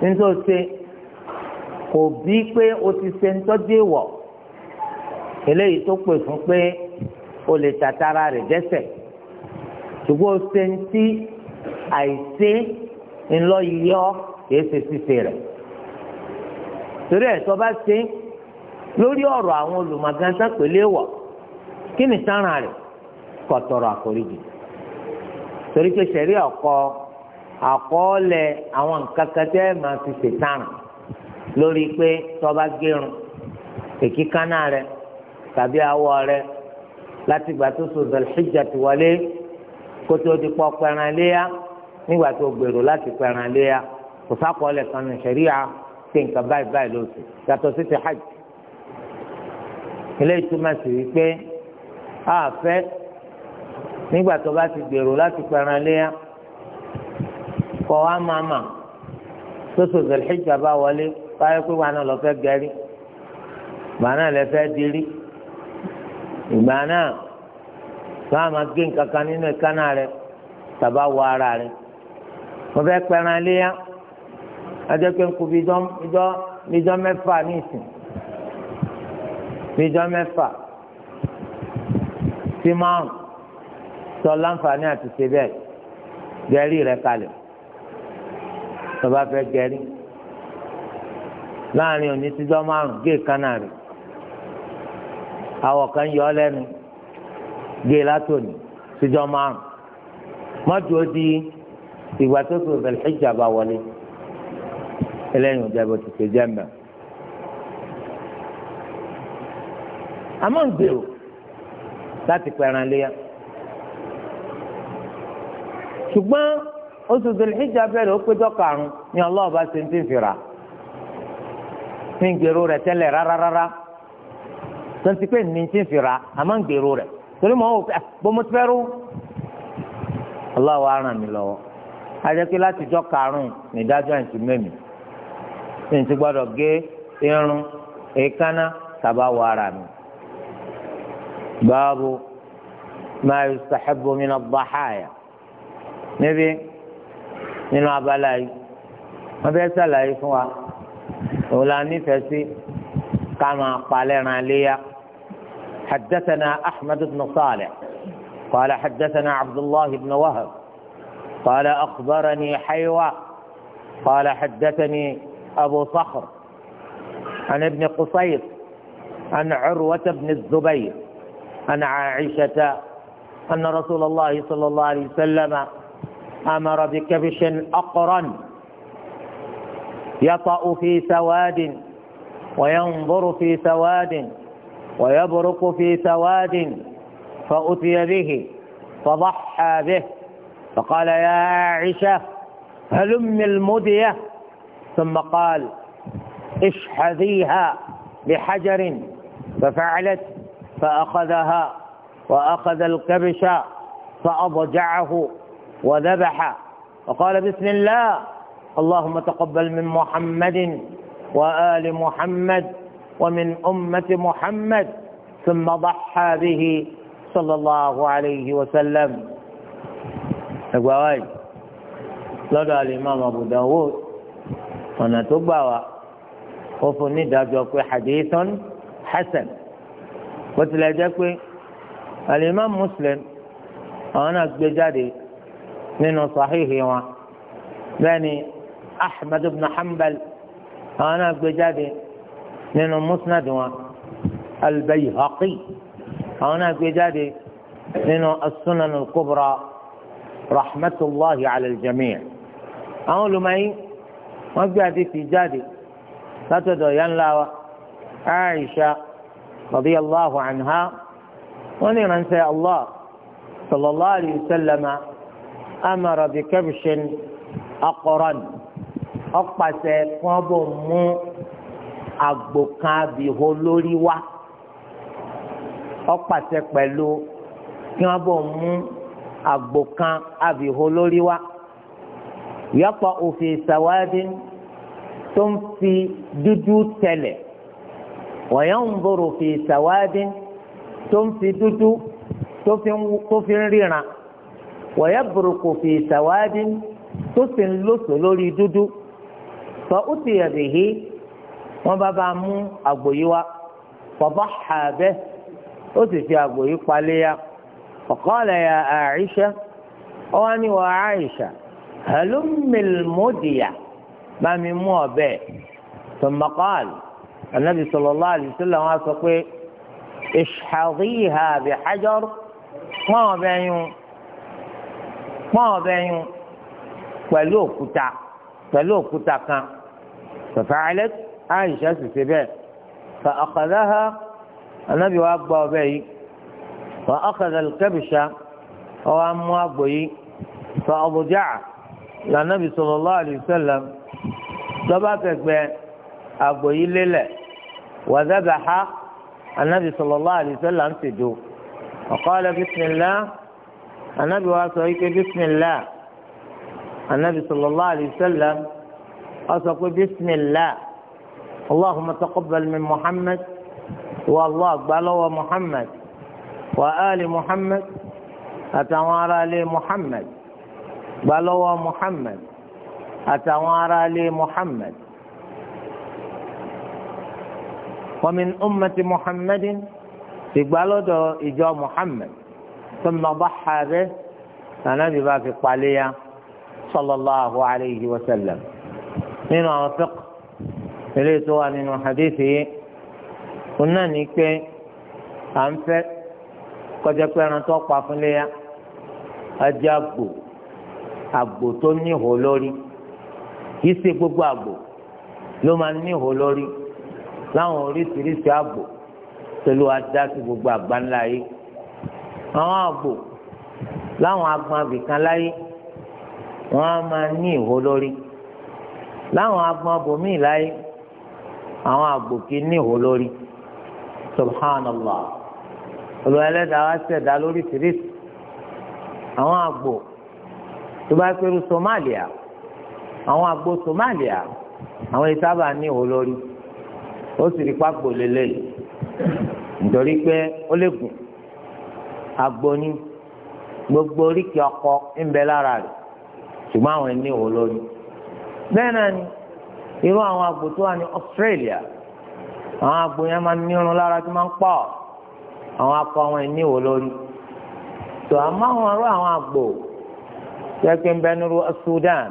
nítorí o ṣe kò bí pé o ti ṣe ń tọ́jú ìwọ̀ eléyìí tó pè fún pé o lè tàtara rẹ̀ dẹ́sẹ̀ ṣùgbọ́n o ṣe ń tí àìsí ńlọ yíyọ́ kìí ṣe ṣíṣe rẹ̀ torí ẹ̀ tó bá ṣe lórí ọ̀rọ̀ àwọn olùmọ̀gánsá pèlè wọ̀ kí ni sára rẹ̀ kọ̀tọ̀rọ̀ àforíjì torí pé ṣẹ̀rí ọ̀kọ́. àkọọ́lẹ̀ àwọn nǹkan tẹ́ máa fi ṣètàn lórí pé tọ́ba gérun èkíkánná rẹ tàbí awọ rẹ láti gbà tó so zalhijja ti wọlé kótó ti pọ̀ pẹran léyà nígbà tó gbèrò láti pẹran léyà kò sákọọ́lẹ̀ kan ní ṣe nǹkan báyìí báyìí lóṣù yàtọ̀ sí ti hajj ilé ìtumọ̀ sí wípé a fẹ́ nígbà tó kọ́ wa máa mà tóso zèlhìjà bá wọlé báyọ̀ pé wà náà lọ fẹ́ gẹ̀rí gbà náà lẹ fẹ́ dirí ìgbà náà bá a máa gé nǹkan kan nínú ìkánná rẹ tàbá wọ ara rẹ wọ́n fẹ́ pẹran léyà ajẹ́ pé nkú bí ijọ́ mẹ́fà ní ìsìn bí ijọ́ mẹ́fà sí márùn sọ láǹfààní àti ṣe bẹ́ẹ̀ gẹ̀rí rẹ tọba fẹ́ gẹrí láàrin òní síjọ́ márùn gé kánà rẹ̀ àwọ̀ kan yọ ọ́ lẹ́nu gé e látòní síjọ́ márùn mọ́tò ó di ìgbà tó tó bẹ̀rẹ̀ ìjàmbá wọlé ẹlẹ́yìn ọjà bó ti ṣe jẹ́ mbẹ́. àmọ́ ń gbèrò láti pẹ̀ràn léyà ṣùgbọ́n. oṣù zèlìhíjà bẹ̀rẹ̀ ó péjọ karùn ni Allah ṣe ń tì fìrà fi ń gbèrò rẹ̀ tẹ́lẹ̀ rárára tó ń pé ní tì fìrà àmọ́ ń gbèrò rẹ̀ torí ò ah, ti lọ́wọ́ láti jọ karùn-ún nídájọ́ ẹ̀ mẹ́mi ẹ̀ ti gbọ́dọ̀ gé ara mi. báwo máa nínú abala yìí wọ́n fẹ́ sàlàyé fún wa òun la nífẹ̀ẹ́ sí ká máa palẹ̀ ràn léyà حدثنا أحمد بن صالح قال حدثنا عبد الله بن وهب قال أخبرني حيوى قال حدثني أبو صخر عن ابن قصير عن عروة بن الزبير عن عائشة أن رسول الله صلى الله عليه وسلم أمر بكبش أقرن يطأ في سواد وينظر في سواد ويبرق في سواد فأتي به فضحى به فقال يا عائشة هلم المدية ثم قال اشحذيها بحجر ففعلت فأخذها وأخذ الكبش فأضجعه وذبح وقال بسم الله اللهم تقبل من محمد وآل محمد ومن أمة محمد ثم ضحى به صلى الله عليه وسلم أقوال لدى الإمام أبو داود ونتبع وفني داجوك حديث حسن وتلاجك الإمام مسلم أنا أقبل منه صحيح و بني أحمد بن حنبل أنا بجدي منه مسند البيهقي أنا بجدي من السنن الكبرى رحمة الله على الجميع أقول ما هي ما بجدي في جدي ستدو ينلا عائشة رضي الله عنها ونرنسي الله صلى الله عليه وسلم amara bi kẹbìṣin akọrọn ọpàṣẹ fún ọbọ mú àgbò kan abìhó lórí wá ọpàṣẹ pẹ̀lú kí wọn bọ mú àgbò kan abìhó lórí wá yọpọ òfin sàwádìí tó ń fi dúdú tẹ̀lẹ̀ wọ̀nyẹn ń bọ̀rọ̀ fi sàwádìí tó ń fi dúdú tó fi ń ríran wọ̀yẹ́ burúkú fi ìsàwádìí tó sì ń lòsò lórí dúdú sọ ó ti yẹ̀bì hí wọ́n bá bá mú àgbò yìí wá bàbá àbẹ́ ó sì fi àgbò yìí paléyà ọ̀kọ́lẹ̀ yà Àìṣà ọwọ́ ni wọ́n Àìṣà hàlùmílmọ́dìyà bá mi mú ọ̀bẹ tòmọ́kọ́lù anabi sallallahu alaihi wasallam wọ́n sọ pé ìṣàdíhà bìhájọ́rù wọ́n ọ̀bẹ yún pọ́n ọ̀bẹ yun pẹ̀lú òkúta pẹ̀lú òkúta kan fa'alat Aisha sì ṣe bẹ́ẹ̀ fa akhadhaha anabi wa gba ọ̀bẹ yìí wa akhadha al-kabsha ọwọ́ amú àgbò yìí fa ọ̀bùjáà lànàbì sallallahu alayhi wa sallam lọ́ba kẹgbẹ́ àgbò yìí lélẹ̀ wa dhabaha anabi sallallahu alayhi wa sallam ń tẹ̀dọ̀ wa qala bismillah. النبي واسويك بسم الله النبي صلى الله عليه وسلم أسوك بسم الله اللهم تقبل من محمد والله أقبل هو محمد وآل محمد أتوارى لي محمد بل هو محمد أتوارى لي محمد ومن أمة محمد تقبلوا إجا محمد ثم ضحى به النبي بقى في قالية صلى الله عليه وسلم من وفق إليه وأن حديثه قلنا نيكي أنفق قد يكون توقع فليا أجابو àgbò tó níhò lórí kì í ṣe gbogbo àgbò ló máa níhò lórí láwọn oríṣiríṣi àgbò pẹ̀lú adá sí gbogbo àgbáńlá yìí àwọn àgbò láwọn agbọn láyé wọn a máa ní ìhó lórí láwọn agbọn abòmíì láyé àwọn àgbò ní ìhó lórí subhanallah olùwẹ̀lẹ́dàá wá ṣẹ̀dá lórí tìrìsì àwọn àgbò tó bá pẹ̀lú Somalia àwọn àgbò Somalia àwọn ìsábà ní ìhó lórí ó sì rí pápò lélẹ́yìí nítorí pé agbóni gbogbo oríkì ọkọ ń bẹ lára rẹ̀ ṣùgbọ́n àwọn ẹni wò lórí. bẹ́ẹ̀ náà ni irú àwọn àgbò tó wà ní Australia àwọn àgbò yẹn máa ń nírun lára tó máa ń pọ̀ àwọn akọ àwọn ẹni wò lórí. tó àmọ́ àwọn arú àwọn àgbò jẹ́kí ń bẹ nírú Sudan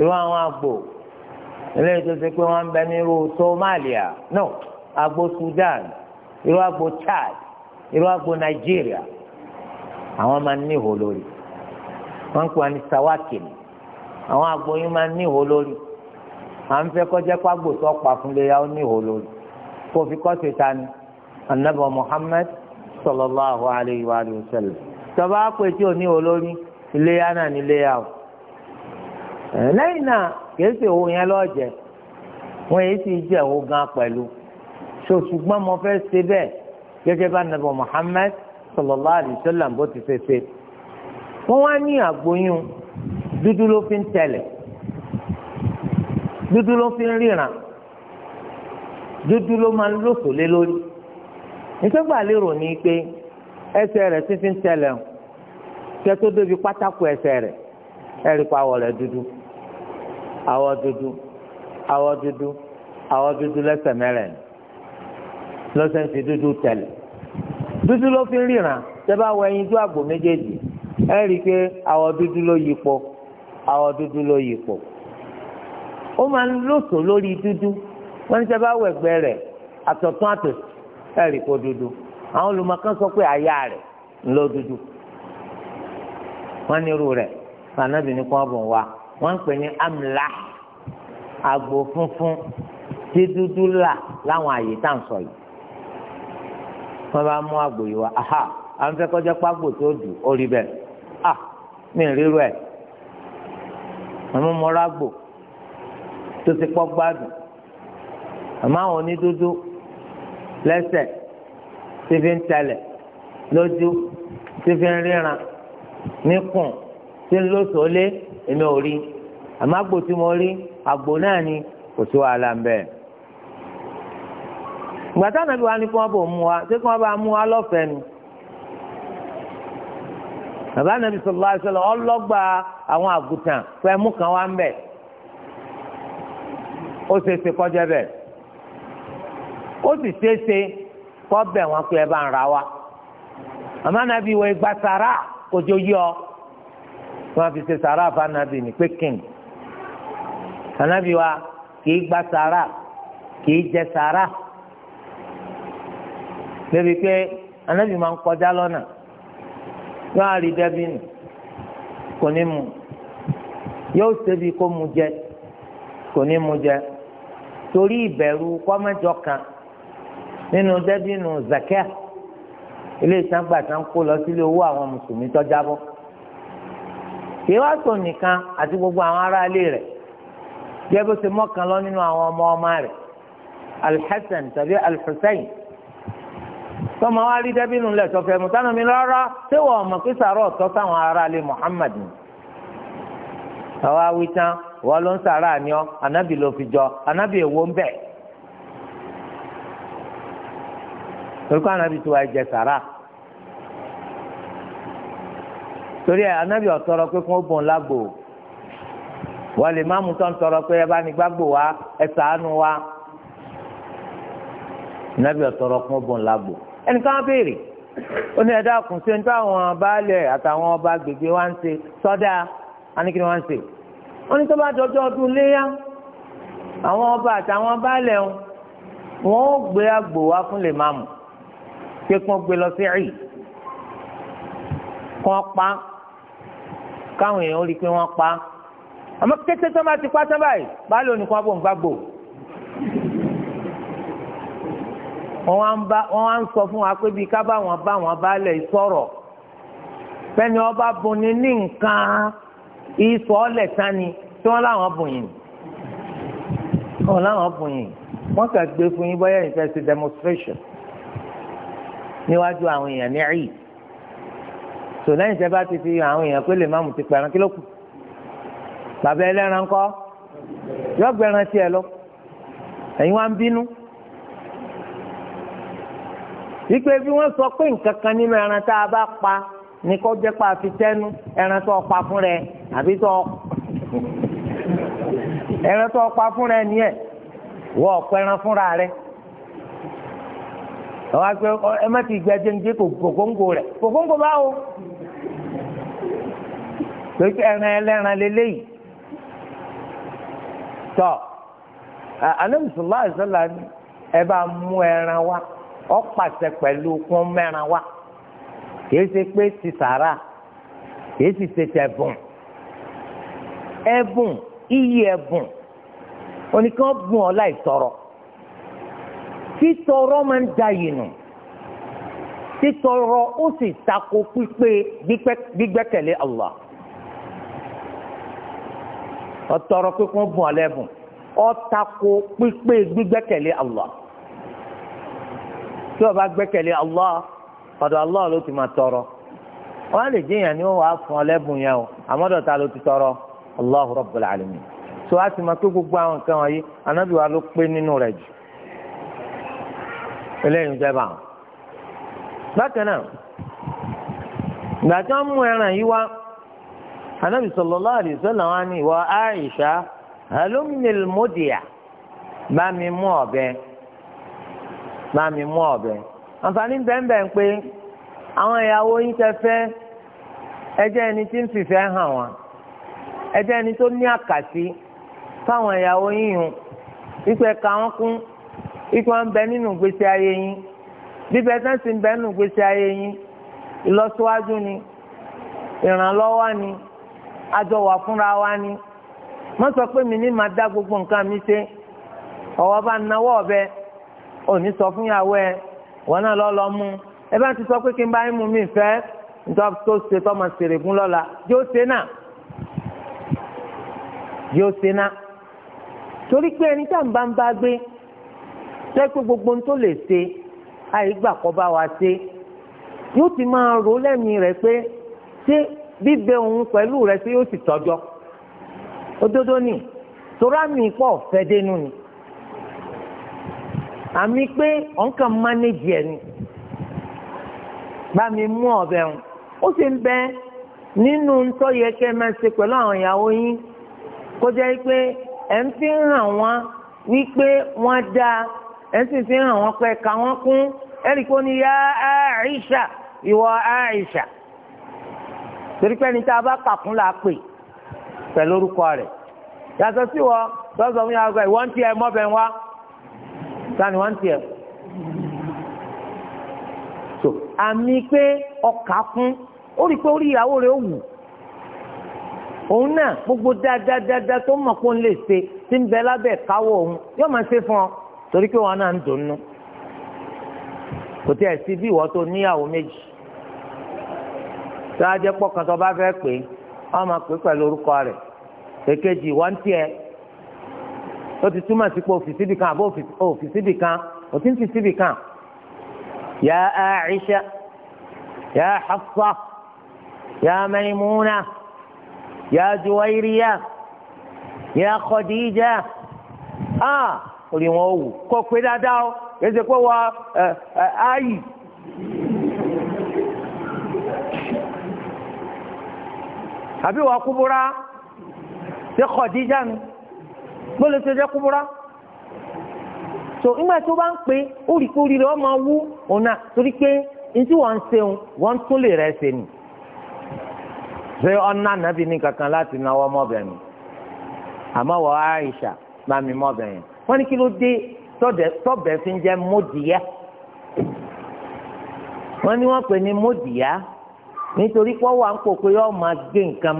irú àwọn àgbò eléyìí tó ṣe pé wọ́n ń bẹ nírú Somalia no àgbò Sudan irú àgbò Chad irú agbo nàìjíríà àwọn máa ń níhò lórí wọn ń pè wọn ní sawakiri àwọn agbo yín máa ń níhò lórí à ń fẹ́ kọjá pàgbò tó pa fún léyà ó níhò lórí kó fi kọ́ ṣe ta ni anabi muhammed sallallahu alayhi wa sallam tọba apè tí ò níhò lórí iléyà náà ní iléyà o lẹ́yìn náà kìí ṣe òun yẹn lọ́jẹ̀ wọn èyí sì jẹ́ òun gan pẹ̀lú ṣùgbọ́n mo fẹ́ ṣe bẹ́ẹ̀ gẹ́gẹ́ bá nàbọ̀ Muhammad sallallahu alaihi wasallam bó ti fẹsẹ̀ wọ́n wá ní àgbóyún dúdú ló fi ń tẹ̀lẹ̀ dúdú ló fi ń ríran dúdú ló máa ń lòsò lé lórí nítorí lérò ní pé ẹsẹ̀ rẹ̀ ti fi ń tẹ̀lẹ̀ o kẹ́ tó débi pátákó ẹsẹ̀ rẹ̀ ẹ̀rí pa àwọ̀ rẹ̀ dúdú àwọ̀ dúdú àwọ̀ dúdú àwọ̀ dúdú lẹ́sẹ̀ mẹ́rẹ̀ẹ̀rin lọ́sẹ̀ ń fi dúdú tẹ̀lé dúdú ló fi ríran tẹ́ bá wọ ẹyin tó àgbò méjèèjì ẹ rí i pé àwọ̀ dúdú ló yípo àwọ̀ dúdú ló yípo ó máa ń lòsò lórí dúdú wọ́n ní tẹ́ bá wọ ẹ̀gbẹ́ rẹ̀ àtọ̀tún àtòsí ẹ rí i kó dúdú àwọn olùmọ̀kan sọ pé àyà rẹ̀ ńlọ dúdú wọ́n ní rẹ̀ fànàbì ní bọ̀ wá wọ́n ń pè ní amla àgbò funfun tí dúdú là láwọn àyè tá à ń sọ yìí wọ́n bá mú àgbò yìí wá aha à ń fẹ́ kọjá págbò tó dù ó rí bẹ́ẹ̀ à mí ríru ẹ̀ àmọ́ mo rágbò tó ti pọ́ gbádùn àmọ́ àwọn onídúdú lẹ́sẹ̀ tí fi ń tẹlẹ̀ lójú tí fi ń ríran níkùn tí ń lóṣòólé èmi ò rí àmọ́ àgbò tí mo rí àgbò náà ni kò sí wàhálà ń bẹ́ẹ̀. gbàtà nàbí wa ni kí wọ́n bò mú wa ṣé kí wọ́n bá mú wa lọ́fẹ̀ẹ́ ni bàbá nàbí sọlá ṣẹlẹ̀ ọlọ́gba àwọn àgùntàn fẹ́ mú kan wá ń bẹ̀ ó ṣe é ṣe kọjá bẹ̀ ó sì ṣe é ṣe kọ́ bẹ̀ wọ́n pé ẹ bá ń ra wa àmọ́ nàbí wọ igba sàrà kojú yọ wọ́n fi ṣe sàrà fanabi ní pékin ànábì wa kì í gba sàrà kì í jẹ sàrà. débi pé anábì máa ń kọjá lọ́nà yóò àrí dẹ́bí nù kò ní mu yóò ṣebí kó mu jẹ kò ní mu jẹ torí ìbẹ̀rù kọ́mẹ́jọ kan nínú dẹ́bí nù zakia ilé ìsangbà tán kó lọ sílé owó àwọn mùsùlùmí tọ́já bọ́ kìí wá sọ nìkan àti gbogbo àwọn aráalé rẹ̀ jẹ́ bó ṣe mọ́kànlọ́ nínú àwọn ọmọ ọmọ rẹ̀ alḥasan tàbí alḥusayn tọmọ wa rí dẹ́bínú lẹ̀ tọ́fẹ́ mu tánà mi rárá ṣé wọ́n mọ̀ pé sàárọ̀ ọ̀tọ́ sáwọn ará ilé Muhammad ni. àwa wí tán wọ́n ló ń sàárà ni ọ́ anábì ló fi jọ anábì èwo ń bẹ̀. torí kó tí wàá jẹ sàárà. torí ẹ anábì ọ̀tọ́rọ pé kó bọ̀ ńlá gbòò wọ́n lè má mú tán tọrọ pé ẹ bá ní gbàgbò wa ẹ ṣàánú wa. anábì ọ̀tọ́rọ kó bọ̀ ńlá gbòò ẹnì kan béèrè ó ní ẹ̀dá ọkùnrin ṣe ń tó àwọn baálẹ̀ àtàwọn ọba gbègbè wa ń ṣe sọ́dá anìkí ni wọ́n ń ṣe wọ́n ní tó bá dọjọ́ ọdún léyà àwọn ọba àtàwọn baálẹ̀ wọn ó gbé àgbò wá fún lè máa mú pé kí wọ́n gbé lọ sí rì kí wọ́n pa káwọn èèyàn ó rí i pé wọ́n pa àmọ́ kété tó ti pa sábà yìí baálẹ̀ oníkan bò ń gbàgbò. wọ́n wá ń sọ fún wa pé bíi ká bá wọn bá wọn bá lẹ̀ sọ̀rọ̀ fẹ́ni ọba bùnni ní nǹkan ìsọ̀ọ́lẹ̀ tani tí wọ́n láwọn bùn wọ́n láwọn bùn wọ́n kà gbé fún yín bọ́yá ìfẹ́ demonstration níwájú àwọn èèyàn ní ẹ̀yìn tò lẹ́yìn tẹ́ bá ti fi àwọn èèyàn pé lè má mú ti pẹ̀rán kí ló kù bàbá ẹlẹ́ran kọ́ yọ gbẹran tiẹ̀ lọ ẹ̀yin wá ń bínú. wípé bí sọ pé nkankan nínú ẹran tá a bá pa ni kò jẹ́ pa fi tẹ́nu ẹran tó pa fún rẹ àbí tó ẹran tó pa fún rẹ ni ẹ wọ ọ̀pọ̀ ẹran fúnra rẹ ọ̀wá pé ẹ má ti gbẹ́jẹ́ ń gé kòkóńgò rẹ̀ kòkóńgò o pé ẹran ẹlẹ́ran lélẹ́yìí tọ́ àlẹ́ mùsùlùmá àìsàn là ń ẹ bá mú ọ pàṣẹ pẹ̀lú kún mẹ́ran wá kìí ṣe pé ti sàrà kìí sì ṣe tẹ̀bùn ẹ̀bùn iyì ẹ̀bùn oníkan bùn ọ láì tọrọ títọrọ máa ń da yìí nù títọrọ ó sì tako pípé gbígbẹ́kẹ̀lé Allah ọtọrọ pípọn bùn ọ lẹ́bùn ó tako pípé gbígbẹ́kẹ̀lé Allah tí o bá gbẹ́kẹ̀lé Allah ọ̀dọ̀ Allah ló ti máa tọrọ wọ́n á lè jẹ́yàn ni wọ́n wàá fún ọ lẹ́bùn yẹn o àmọ́dọ̀ ta ló ti tọrọ Allahu Rabbul Alamin tó a ti máa pé gbogbo àwọn nǹkan wọ̀nyí anábì wa ló pé nínú rẹ̀ jù eléyìí ń jẹba àwọn. bákan náà ìgbà tí mú ẹran yìí wá anábì sallallahu alaihi wasallam ní ìwọ Aisha halumnil mọ́dìyà bá mi mú ọ̀bẹ bá mi mú ọbẹ! àǹfààní bẹ́ẹ̀nbẹ́ẹ̀ ń pé àwọn ìyàwó yín tẹ fẹ́ tí ń fìfẹ́ hàn wọ́n ẹ ẹni tó ní àkàtì fáwọn ìyàwó yín yùn ìpè wọn kún ìpè wọn bẹ nínú ayé yín bíbẹ tán beninu bẹ nínú ayé yín ìlọsíwájú ni ìrànlọ́wọ́ ni àjọwà fúnra ni wọ́n sọ pé mi ní dá gbogbo nǹkan mi ṣe òní sọ fún ìyàwó ẹ wọn náà lọ lọ mú ẹ bá ti sọ pé kí n bá yín mú mi fẹ́ nítorí tó ṣe tọmọ sèrè fún lọ́la yóò ṣe náà yóò ṣe náà torí pé ẹni tá à ń bá ń bá gbé lẹ́gbẹ́ gbogbo tó lè ṣe àìgbà kọ́ bá wa ṣe yóò ti máa rò lẹ́mìí rẹ̀ pé ṣé bíbẹ òun pẹ̀lú rẹ̀ ṣé yóò sì tọ́jọ́ òdodo ni torá mi pọ̀ fẹ́ dénú ni àmì pé ọ̀nkàn mánéjì ẹ̀ ni bá mi mú ọ̀bẹ wọn ó sì ń bẹ nínú ntọ́ yẹ kẹ́ máa ṣe pẹ̀lú àwọn ìyàwó yín kó jẹ́ pé ẹ̀ ń fi hàn wọ́n wípé wọ́n dáa ẹ̀ sì fi hàn wọ́n pé ká wọ́n kún ẹ̀rí kó ní yá Àìṣà ìwọ Àìṣà torí pé ní tá a bá kà fún la pè pẹ̀lú orúkọ rẹ̀ yàtọ̀ sí wọ sọ́sọ́ fún yàrá ìwọ́n ti ẹ̀ mọ́bẹ̀ wá sani wá ń tiẹ̀ so àmì pé ọkà kún ó rí i pé orí ìyàwó rẹ̀ ó wù òun náà gbogbo dáadáa tó mọ̀ kó ń lè ṣe tí ń bẹ lábẹ́ káwọ́ òun yóò máa ṣe fún ọ torí pé wọn náà ń dùn nù kò tí ẹ sí bí ìwọ tó níyàwó méjì tó a jẹ́ pọ̀ kan tó bá fẹ́ pè é wọ́n máa pè é pẹ̀lú orúkọ rẹ̀ èkejì wọ́n tiẹ̀ ó ti túmọ̀ sí pé òfìsí bì kan àbọ̀ òfìsí bì kan òtí ń fi síbì kan. ya Aisha ya Hafsa ya Maimuna ya Juwairiya ya Khadija a orí wọn wù kó pé dáadáa o kì ṣe pé wọ́n ayi. àbí wọ́n kúbúrá ṣe Khadija nù. bó lè ṣe so nígbà tó bá ń pè rẹ̀ ọmọ wú òun torí pé ntí wọ́n ń ṣeun wọ́n tún lè rẹ̀ ṣe nì ṣé ọ̀nà nàbí ní kankan láti náwó ọmọbìnrin àmọ́ wọ́n Aisha bá mi mọ́bìnrin wọ́n ní kí ló dé tọ́bẹ̀ fi ń jẹ́ mọ́dìyà wọ́n ní wọ́n pè ní mọ́dìyà nítorí pé wọ́n wà ń pò pé nǹkan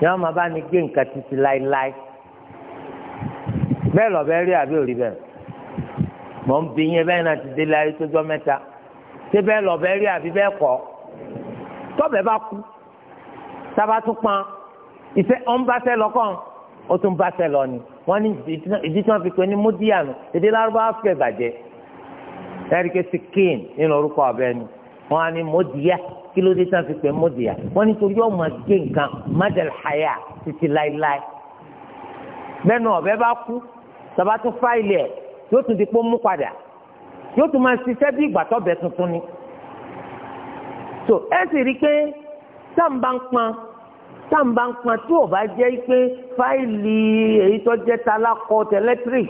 yọọ máa bá ní gbé nǹkan títí láéláé bẹ́ẹ̀ lọ bẹ́ẹ̀ rí àbí òrí bẹ́ẹ̀ mọ ń bí yẹn bẹ́ẹ̀ náà ti délé ayé tójọ mẹ́ta ṣé bẹ́ẹ̀ lọ bẹ́ẹ̀ rí àbí bẹ́ẹ̀ kọ́ tọbẹ bá kú sábà tún pọn ìfẹ́ ọ̀n bá fẹ́ lọ́kàn ó tún bá fẹ́ lọ ni wọ́n ní ìdí tí wọ́n fi pè ní múdíànù èdè lárúbáwá fẹ́ bàjẹ́ ẹ̀ríkẹ́ sikin nínú orúkọ ọ̀bẹ ni wọ́n á ní múdíà kí ló dé tá a fi pè mọ́dìyà wọ́n nítorí ọmọ gé nǹkan mádàl hayà títí láéláé bẹ́ẹ̀ náà ọ̀bẹ bá kú tọ́ba tún fáìlì ẹ̀ yóò tún di pọ́ mú padà yóò tún máa ṣiṣẹ́ bí ìgbà tọ́bẹ̀ tuntun ni. so ẹ sì rí i pé sáǹbà ń pọn sáǹbà ń pọn tí ò bá jẹ́ pé fáìlì èyí tó jẹ́ talakọ tẹlẹtírì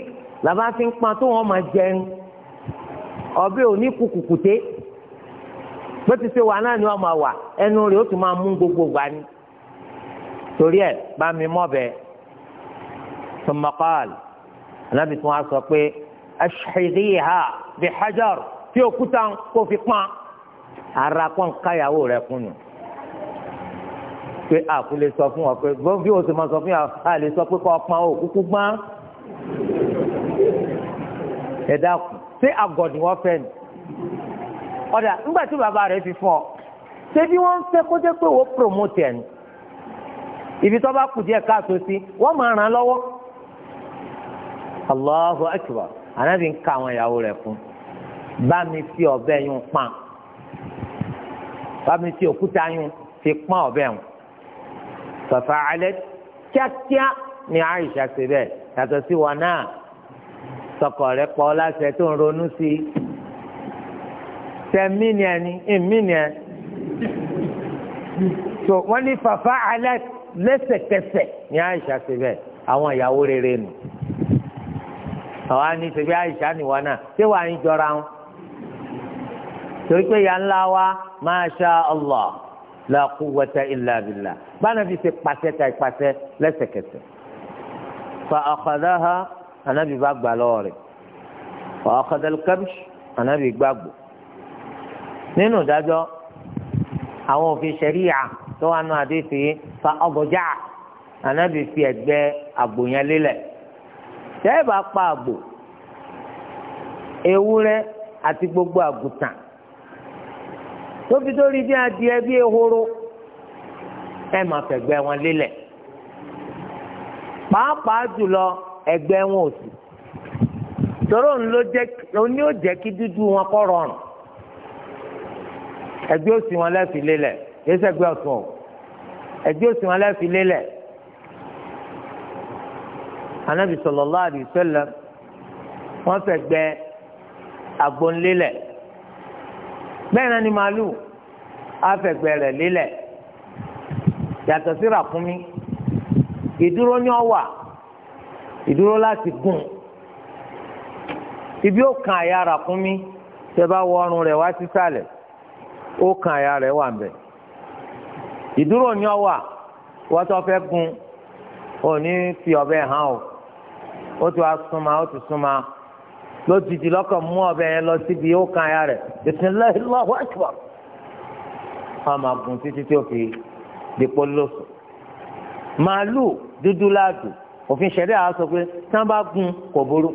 làbá fi ń pọn tó wọ́n máa jẹun ọ̀bẹ ò kùkùkùté bó ti ṣe wà náà ni wọ́n máa wà ẹnu rẹ̀ ó tún máa mú gbogbo gbà ní. torí ẹ̀ bá mi mọ́ bẹ́ẹ̀ sọmọkọ́ọ̀lù anábì tí á sọ pé ashhidhiha bi hajar tí òkúta kò fi pọ́n ara pọ́n káyàwó rẹ̀ kún nù pé a kò lè sọ fún ọ pé bí o sì máa sọ fún yà á lè sọ pé kọ́ ọpọn o kúkú gbọ́n. ẹ dákun ṣé àgọ̀dì wọ́n fẹ́ ni ọ̀dà nígbà tí bàbá rẹ̀ fi fún ọ ṣé bí wọ́n ń fẹ́ kó jẹ́ pé wọ́n promote ẹ̀ ni ibi tó bá kù díẹ̀ káàtó sí wọ́n máa ràn án lọ́wọ́ Allahu akbar ànábì ń ka àwọn ìyàwó rẹ̀ fún bá mi fi ọ̀bẹ yún pa bá mi fi òkúta yún fi pọ́n ọ̀bẹ yún fàfà alẹ́ kíákíá ni Àìṣà ṣe bẹ́ẹ̀ yàtọ̀ sí wa náà sọkọ̀ rẹ̀ pọ̀ láṣẹ tó ń ronú sí i tẹ̀mí ni ẹni so wọ́n ní fàfà alẹ́ lẹ́sẹ̀kẹsẹ̀ ní àyíṣà ṣe bẹ́ẹ̀ àwọn ìyàwó rere nù. àwọn àni ṣe bí àyíṣà nìwọ náà ṣé wàá ń jọra wọn. torí pé ìyá ńlá wa masha Allah la quwwata illa billah báyìí fi ṣe pàṣẹ ta ìpàṣẹ lẹ́sẹ̀kẹsẹ̀. fa akhadhaha anabi bá gbà lọ́wọ́ fa akhadha al anabi gbàgbọ́ nínú ìdájọ́ àwọn òfin ṣẹ̀ríyà tó wà nù àdéhùn fa ọgọjà ànábì fi ẹ̀gbẹ́ àgbò yẹn lélẹ̀ tẹ́ẹ̀ bá pa àgbò ewúrẹ́ àti gbogbo àgùntàn tóbi tó rí bí adìẹ bí ehoro ẹ máa fẹ̀gbẹ́ wọn lélẹ̀ pàápàá jùlọ ẹ̀gbẹ́ wọn òsì tòró ń ló jẹ oní kí dúdú wọn kọ rọrùn ẹgbẹ́ òsì wọn lẹ́ẹ̀fi lélẹ̀ kìí ṣẹ́gbẹ́ ọ̀tún o ẹgbẹ́ òsì wọn lẹ́ẹ̀fi lélẹ̀ anabi sallallahu alaihi wasallam wọ́n fẹ̀gbẹ́ agbónlélẹ̀ bẹ́ẹ̀ náà ni màálù afẹ̀gbẹ́ rẹ̀ lélẹ̀ yàtọ̀ sí ràkúnmí ìdúró ní ọwà ìdúró láti gùn ibi ó kan àyà ràkúnmí tẹ́ bá wọ ọrùn rẹ̀ wá sísàlẹ̀. Si ó kan àyà rẹ̀ wà mbẹ̀ ìdúró ni ọ wà wọ́n tó fẹ́ gun ò ní fi ọ̀bẹ hàn o ó ti wá súnmọ́ ó ti súnmọ́ lójijì lọ́kàn mú ọ̀bẹ yẹn lọ síbi ó kan àyà rẹ̀ bisimilayi lọ́wọ́ àjùbọ̀ ọmọ àgùn títí tí ó fi dèpọ̀ lóṣù màálù dúdú láàdù òfin ṣẹ̀dá àwọn sọ pé tí bá gun kò burú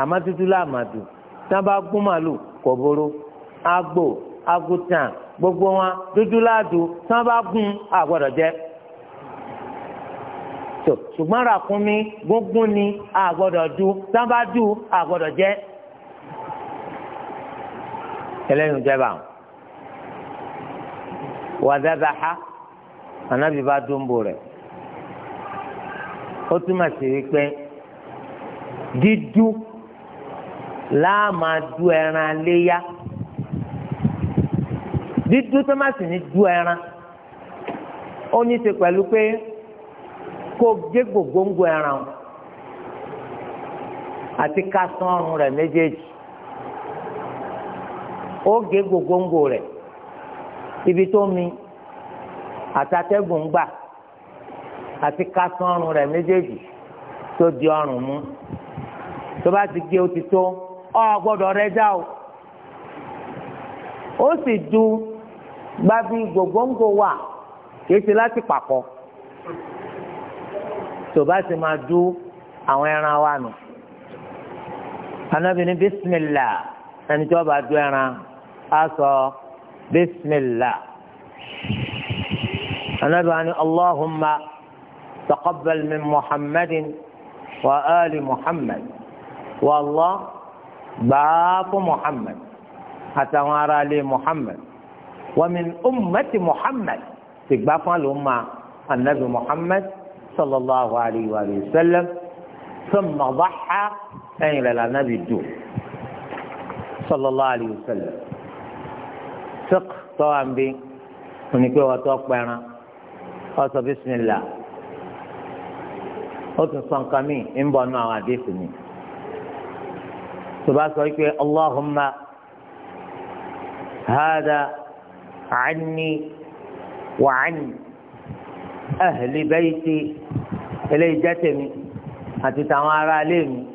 àmọ́ dúdú láàmàdù tí bá gun màálù kò burú àgbò àgùtàn gbogbo wọn dúdú láàdú tí wọ́n bá gún àgbọ̀dọ̀ jẹ tó ṣùgbọ́n ràkúnmí gúngún ni àgbọ̀dọ̀ dú tí wọ́n bá dú àgbọ̀dọ̀ jẹ ẹlẹ́yìn jẹba wàdàdàha anabi bá dúnbò rẹ̀ ó túmọ̀ sí wípé dídú láàmà dú ẹran léyà. dídú tó má sì ní dú ẹran ó ní ṣe pẹ̀lú pé kó gé gbogbo ẹran o àti ká sán ibi tó mi àtàtẹ́gùn gbà àti ká sán ọrùn méjèèjì di ọrùn mú tó bá ti gé o ti tó ọ gbọdọ rẹ já o ó sì gbábí gbogbogbò wà kìí ṣe láti pàkọ́ tó bá sì máa dú àwọn ẹran wa nù anabi ni bisimilá ẹni tí wọ́n bá dú ẹran á sọ allahumma taqabbal min muhammadin wa ali muhammad wa allah Muhammad. fún muhammad àtàwọn aráalé muhammad wa min ummati muhammad ti gbà fún àlùmọ́ anabi muhammad sallallahu alayhi wa sallam thumma dhaha ẹ̀yìn rẹ̀ lànàbì dù sallallahu alayhi wa sallam fiqh tọ́wà ń bí onípe wọ́n tó pẹ́ran ọ̀sọ̀ bisimilá ó tún sọ nǹkan mi ń bọ̀ nù àwọn àdéhùn mi tó bá sọ wípé allahumma hada. عني وعن أهل بيتي إلي جتمي أتتمارى عليهم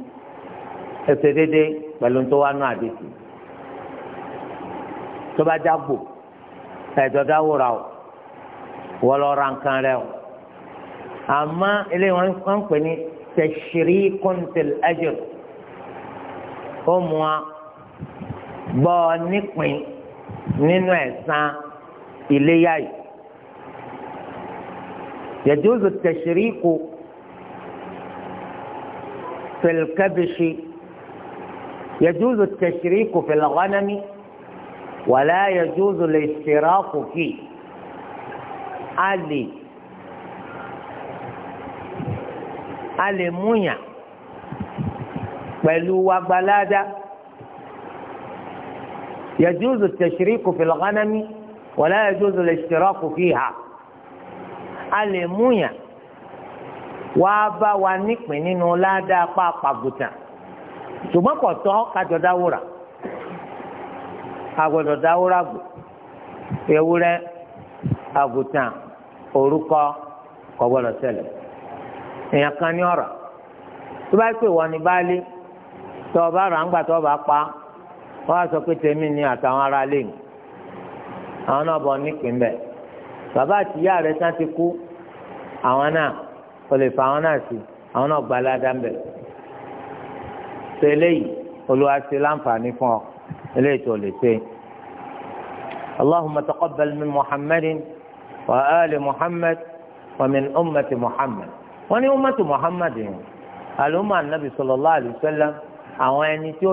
أتددي بل أنتوا عدتي تبا جابو ẹ̀dọ́dáwò ra o wọ́n lọ ra nǹkan rẹ o àmọ́ eléyìí wọ́n ń pè ní tẹ̀sírí kọ́ńtẹ̀l ẹ̀jẹ̀r ó mú wa gbọ́ nípìn nínú ẹ̀sán إليه يجوز التشريك في الكبش يجوز التشريك في الغنم ولا يجوز الاشتراك فيه علي علي مويا بلو بلادة يجوز التشريك في الغنم ولا يجوز الاشتراك فيها a lè múyàn wàá bá wa nípìn nínú ládàá pàápàgùtàn ṣùgbọ́n kò tọ́ kájọ dáwúrà àgbọ̀dọ̀ dáwúrà gbò ewúrẹ́ orúkọ kan ní ọ̀rọ̀ tó bá pè ní tó tó pa á sọ pé tèmi ni àtàwọn àwọn náà bọ̀ nípìn bẹ́ẹ̀ bàbá àti ìyá rẹ̀ sá ti kú àwọn náà o lè fa àwọn náà sí àwọn náà gba aládàá bẹ̀ ṣe eléyìí olúwa ṣe láǹfààní fún ọ eléyìí tó lè ṣe. اللهم تقبل من محمد وآل محمد ومن أمة محمد ومن أمة محمد الأمة النبي صلى الله عليه وسلم àwọn ẹni tí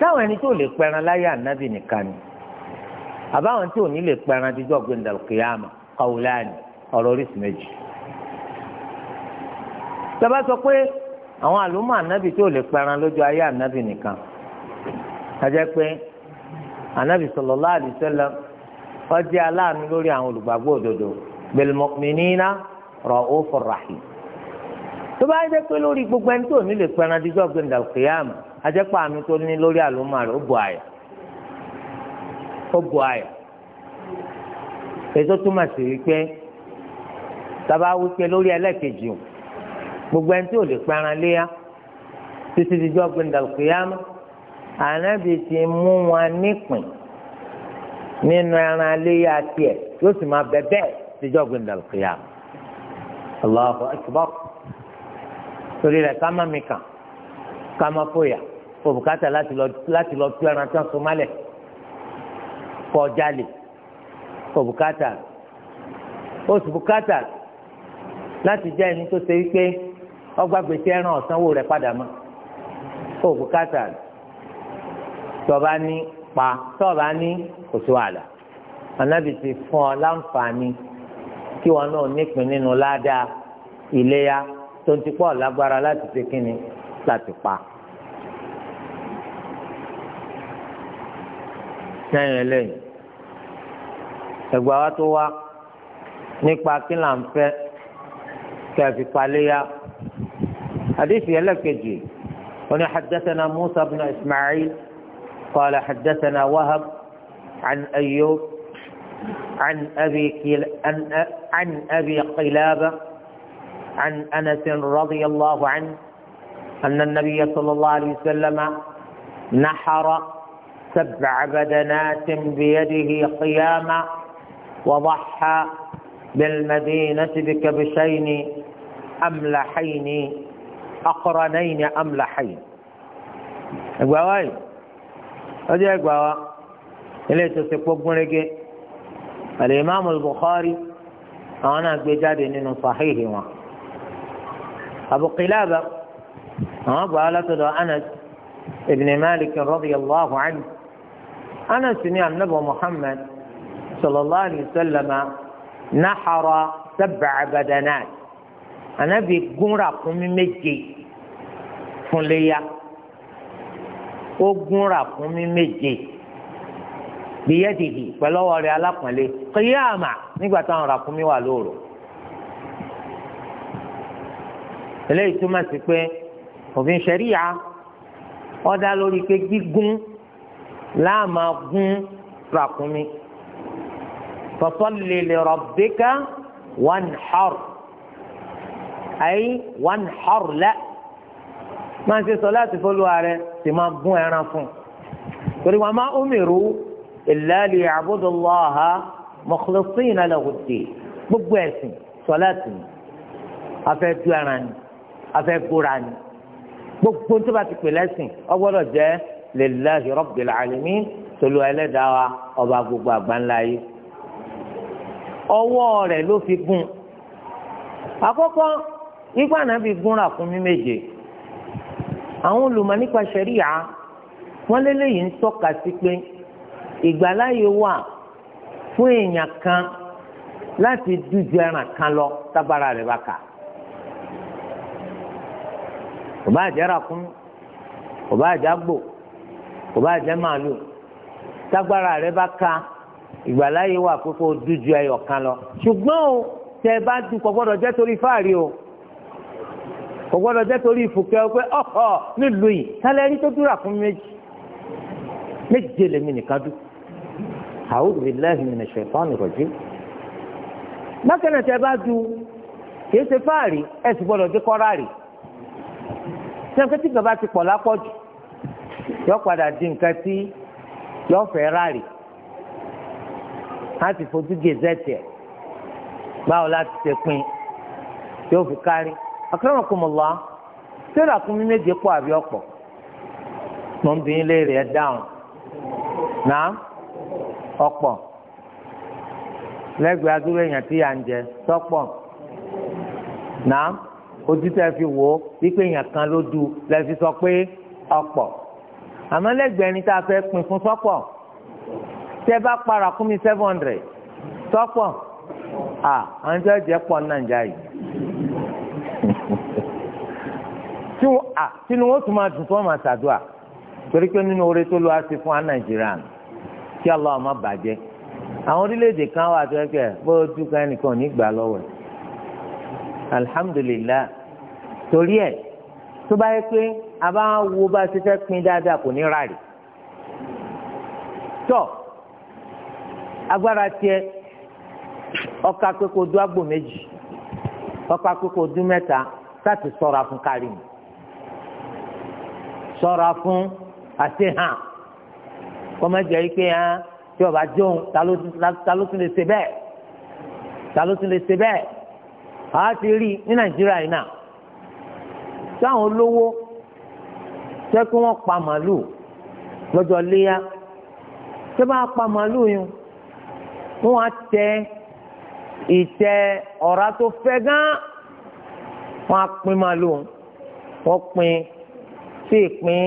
táwọn ẹni tó lè pẹran láyé ànábì nìkan ni àbáwọn tí ò ní lè pẹran dídọ́ gbẹndàlùkìyàmà kọ̀wùláàni ọ̀rọ̀ oríṣi méjì. sábà sọ pé àwọn àlùmọ́ ànábì tó lè pẹran lójú ayé ànábì nìkan ajẹ́ pé ànábì sallallahu alaihi aláàánú lórí àwọn olùgbàgbọ́ òdodo bil mu'minina ra'ufur ajẹ́pọ̀ àánú tó ní lórí àlùmọ́ rẹ̀ ó bu àyà ó bu àyà èso túmọ̀ sí wípé tàbá wípé lórí ẹlẹ́ẹ̀kejì o gbogbo ẹni tí ò lè pẹran léyà títí dijọ́ gbẹndàlùkìyàmù ànábì ti mú wọn nípìn nínú ẹran léyà tiẹ̀ yóò sì máa bẹ bẹ́ẹ̀ dijọ́ gbẹndàlùkìyàmù Allahu akbar torí rẹ̀ ká má mi kàn. Kama má fòyà kò bùkátà láti lọ láti lọ tú ẹran tán sọmálẹ̀ kọ jalè kò bùkátà ó sì bùkátà láti jẹ́ ẹni tó ṣe wípé ọgbà ẹran ọ̀sánwó rẹ̀ padà mọ́ kò tọba ní pa tọba ní kò sí wàhálà ànábì ti fún ọ láǹfààní kí wọn náà nípìn nínú ládàá ìléyà tó ń ti pọ̀ lágbára láti ṣe kínni láti pa. sẹ́yìn lẹ́yìn ẹgbà wa tó wá nípa kí là ń fẹ́ kí a fi paléyà àdéhùn ẹlẹ́kẹ̀jì wọn حدثنا موسى بن إسماعيل قال حدثنا وهب عن أيوب عن أبي كل... عن... عن أبي قلابة عن أنس رضي الله عنه أن النبي صلى الله عليه وسلم نحر سبع بدنات بيده قياما وضحى بالمدينة بكبشين أملحين أقرنين أملحين أقوى أجي أقوى إليس سيقوب مريك الإمام البخاري أنا بجاد إنه صحيح ما أبو قلابة أبو أنا ابن مالك رضي الله عنه Anas ní anabi Muhammad sallallahu alayhi wa sallam naxara sab'a badanat anabi gúnra kúnmi méje fúnléya ó gúnra kúnmi méje biyadihi pẹ̀lú ọwọ́ rẹ̀ alápọ̀nlé qiyama nígbà táwọn ra kúnmi wà lóru. eléyìí túmọ̀ sí pé òfin ṣẹ̀ríya ó dá lórí pé gígún láàmà gún ràkúnmí fasalli li rabbika wanhar ayi wanhar la máa ṣe sọláàtì fọlùwà rẹ sì máa gún ẹran fún torí wa ma umiru illa liya'budu Allaha mukhlisina lahu ddin gbogbo ẹ̀sìn sọláàtì ni afẹ́ du ẹran ni afẹ́ gbóra ni gbogbo tó bá ti pè lẹ́sìn ó gbọ́dọ̀ jẹ́ lillahi rabbil alamin tolu ẹlẹ́dàá wa ọba gbogbo àgbáńlá yìí ọwọ́ rẹ̀ ló fi gún àkọ́kọ́ nígbà náà fi gúnra fún mi méje àwọn olùmọ̀ nípa ṣẹ̀ríyà wọ́n lélẹ́yìí ń tọ́ka sí pé ìgbàláyè wà fún èèyàn kan láti dúdú ẹran kan lọ tábàrà rẹ̀ bá kà kò bá àjẹ́ rà fún kò bá jẹ́ màálù tágbára rẹ bá ka ìgbàláyé wà pé kó dú ju ẹyọ kan lọ ṣùgbọ́n o tẹ bá dú kò gbọ́dọ̀ jẹ́ torí fáàrí o kò gbọ́dọ̀ jẹ́ torí ìfùkẹ́ o pé ọ̀họ̀ nílùú yìí sálẹ̀ ẹni tó dúrà fún méjì méje lèmi nìkan dú a'udhu billahi minash shaitani rajim bákan náà tẹ bá dú kìí ṣe fáàrí ẹ sì gbọ́dọ̀ dé kọ́ra sẹ́ńkẹ́tì kan ti pọ̀ lápọ̀jù yọ padà di nǹkan tí yọ fẹ́ ráàlì láti fojú gẹ̀ẹ́sẹ̀tì ẹ̀ báwo láti ṣe pin yóò fi kárí akramakumullah sẹ́rà kún mi méje pọ̀ àbí ọ̀pọ̀ mọ̀ ń bí ilé rẹ̀ dáhùn náà ọ̀pọ̀ lẹ́gbẹ̀ẹ́ adúlọ̀ èèyàn tí yà ń jẹ sọ́pọ̀ náà ojú fi wò ó wípé èèyàn kan ló du lẹ́ fi sọ pé ọ̀pọ̀. àmọ́ lẹ́gbẹ̀ẹ́ ni tá a fẹ́ pin fún sọ́pọ̀ tẹ́ bá para kún mi seven hundred sọ́pọ̀ à àwọn tí wọ́n jẹ́ pọ̀ nàìjà yìí tí wọ́n à tí wọ́n tún máa dùn tí wọ́n máa ṣàdúrà torí pé nínú oore tó lọ́wọ́ sí fún nàìjíríà kí Allah má bàjẹ́ àwọn orílẹ̀-èdè kan wà tó ẹgbẹ́ bó dúkàá nìkan ò ní gbà lọ́wọ́ alhamdulillah torí ẹ̀. tó bá yẹ pé a bá wo bá a kò ní ra rè agbára tiẹ̀ ọkà pé kò dún méjì ọkà pé kò dún mẹ́ta láti fún kárí mi fún àti hàn kọ́mẹ́jẹ̀ yìí pé hàn tí ọba jóun ta ló tún lè ṣe bẹ́ẹ̀ ta ló bẹ́ẹ̀ táwọn olówó jẹ́ kí wọ́n pa màálùú lọ́jọ́ léyà tẹ́ bá pa màálùú yẹn wọ́n á tẹ ìtẹ ọ̀rá tó fẹ́ gán wọ́n á pín màálùú wọ́n pín sí ìpín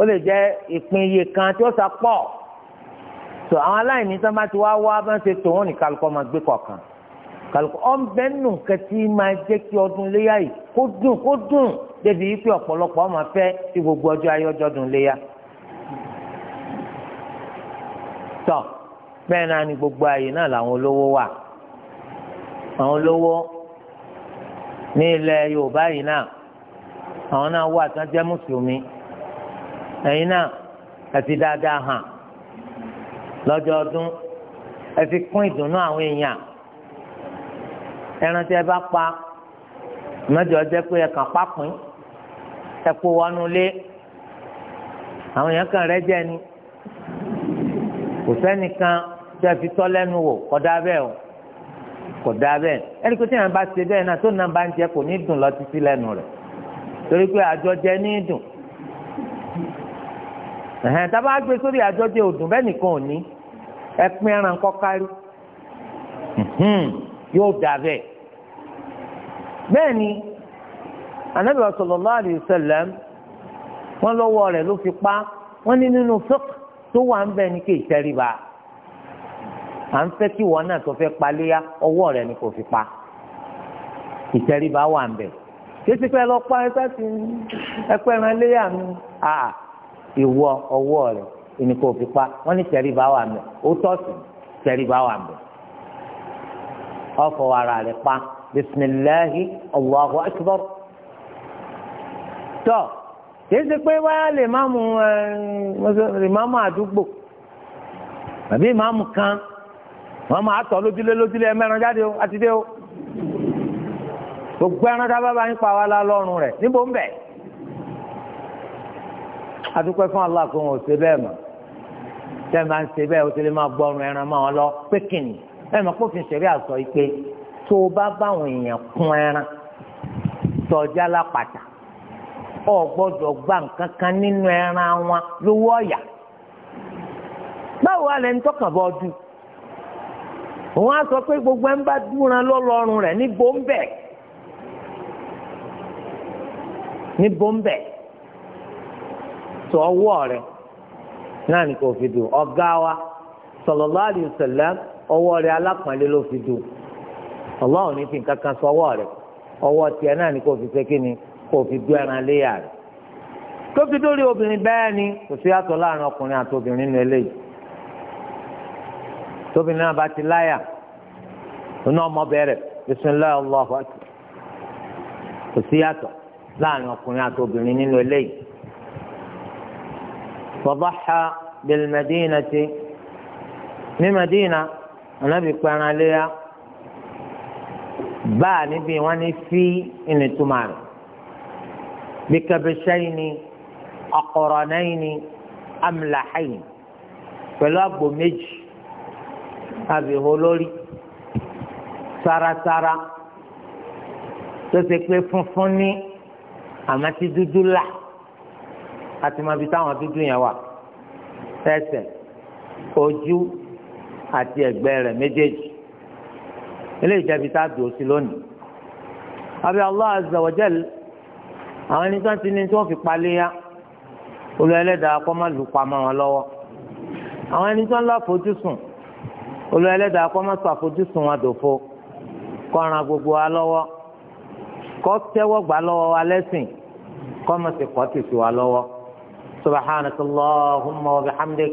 ó lè jẹ́ ìpín iye kan tí ó sà pọ̀ tó àwọn aláìní sábà ti wá wá bá ń ṣe tòun ní kálukọ́ máa gbé kọ̀ọ̀kan kálukú ọ̀n bẹ́ẹ̀ nù kẹtí máa jẹ́ kí ọdún léyà yìí kó dùn kó dùn débi yìí pé ọ̀pọ̀lọpọ̀ ọmọ fẹ́ tí gbogbo ọjọ́ ayọ́jọ́dún léyà. tọ́ bẹ́ẹ̀ náà ni gbogbo ààyè náà làwọn olówó wà àwọn olówó ní ilẹ̀ Yorùbá yìí náà àwọn náà wà tán jẹ́ mùsùlùmí ẹ̀yin náà àti dáadáa hàn lọ́jọ́ ọdún ẹ fi kún ìdùnnú àwọn èèyàn ẹran tí ẹ bá pa mẹ́jọ jẹ́ pé ẹ kàn pápín ẹ kó wọnú lé àwọn èèyàn kan rẹ jẹ ni kò sẹ́nìkan tẹ́ fi tọ́ lẹ́nu wò kọ́dá bẹ́ẹ̀ o kọ́dá bẹ́ẹ̀ ẹni pé tí yàrá bá ṣe bẹ́ẹ̀ náà tó bá ń jẹ lọ títí lẹ́nu rẹ̀ torí pé ní dùn yóò dà bẹ́ẹ̀ bẹ́ẹ̀ ni anabi sallallahu alayhi wa sallam wọn lọ́wọ́ rẹ̀ ló fi pa wọn ní nínú fiqh tó wà ń bẹ ní kí ìtẹríba à ń fẹ́ kí wọn náà tó fẹ́ paléyà ọwọ́ rẹ̀ ni kò fi pa ìtẹríba wà ń bẹ kéésì pé lọ pa ẹgbẹ́ ti ẹpẹ́ ẹran léyà mi à ìwọ ọwọ́ rẹ̀ ni kò fi pa wọn ní tẹríba wà ń bẹ ó tọ́ sí tẹríba wà ń bẹ ọ̀fọ̀ ara rẹ̀ pa bisimilahi allahu akbar tọ́ kìí ṣe pé wáyà lè má mu lè má mu àdúgbò àbí má mu kan wọ́n máa tọ́ lójúlé lójúlé ẹ̀mẹ́ran jáde o àti dé o gbogbo ẹran tá a bá bá yín pa wá lá lọ́rùn rẹ̀ níbo ń bẹ̀ adúpẹ́ fún Allah kò bẹ́ẹ̀ mọ̀ tẹ́ ẹ bá ń ṣe bẹ́ẹ̀ o ti lè máa gbọ́rùn ẹran máa lọ pékìnì. ẹ mọ̀ kófin ṣẹ̀rí àsọ yìí tó o bá báwọn èèyàn ẹran tọ́jà lápàtà gbọ́dọ̀ gba nǹkan kan nínú ẹran wọn lówó ọ̀yà báwo alẹ́ ń tọ́kàn bọ́ ọdún sọ pé gbogbo ẹ̀ ń bá dúran lọ́lọ́run rẹ̀ ní bọ́ńbẹ́ ní bọ́ńbẹ́ wa sallallahu alaihi ọwọ́ rẹ̀ alápọ̀nlé ló fi dùn ọlọ́run ní fi nǹkan kan sọ ọwọ́ rẹ̀ ọwọ́ tiẹ̀ náà ni kò fi ṣe kí ni kò fi gbé ẹran léyà rẹ̀ tó fi dórí obìnrin bẹ́ẹ̀ ni kò sí àtọ̀ láàrin ọkùnrin àti obìnrin nínú tóbìnrin náà bá ti láyà ọmọ bẹ̀rẹ̀ bisimilá ọlọ́hu kò sí láàrin ànábì kparan léya báà níbi wọn ní fi ìní túmọ̀ rẹ̀ bí kẹbẹsẹ́yìn ni ọkọ̀rọ̀ náà ni amúláhàyìn pẹ̀lú àgbò méjì àbíhó lórí sárasára tó ṣe pé funfun ní àmọ́ dúdú là àti mọ̀bí táwọn dúdú yẹn wà ẹsẹ̀ ojú àti ẹ̀gbẹ́ rẹ̀ méjèèjì ilé ìjẹbi tá a dùn sí lónìí àbí Allah azza wa jal àwọn ẹni tó ń tini tí wọ́n fi paléyà olú ẹlẹ́dàá kó má lù pamọ́ wọn lọ́wọ́ àwọn ẹni tó ń láfojúsùn olú ẹlẹ́dàá kó má sọ àfojúsùn wọn dòfo kó ran gbogbo wa lọ́wọ́ kó tẹ́wọ́ gbà lọ́wọ́ wa lẹ́sìn kó má sì kọ́ tìsí wa lọ́wọ́ subhanakallahumma wa bihamdik.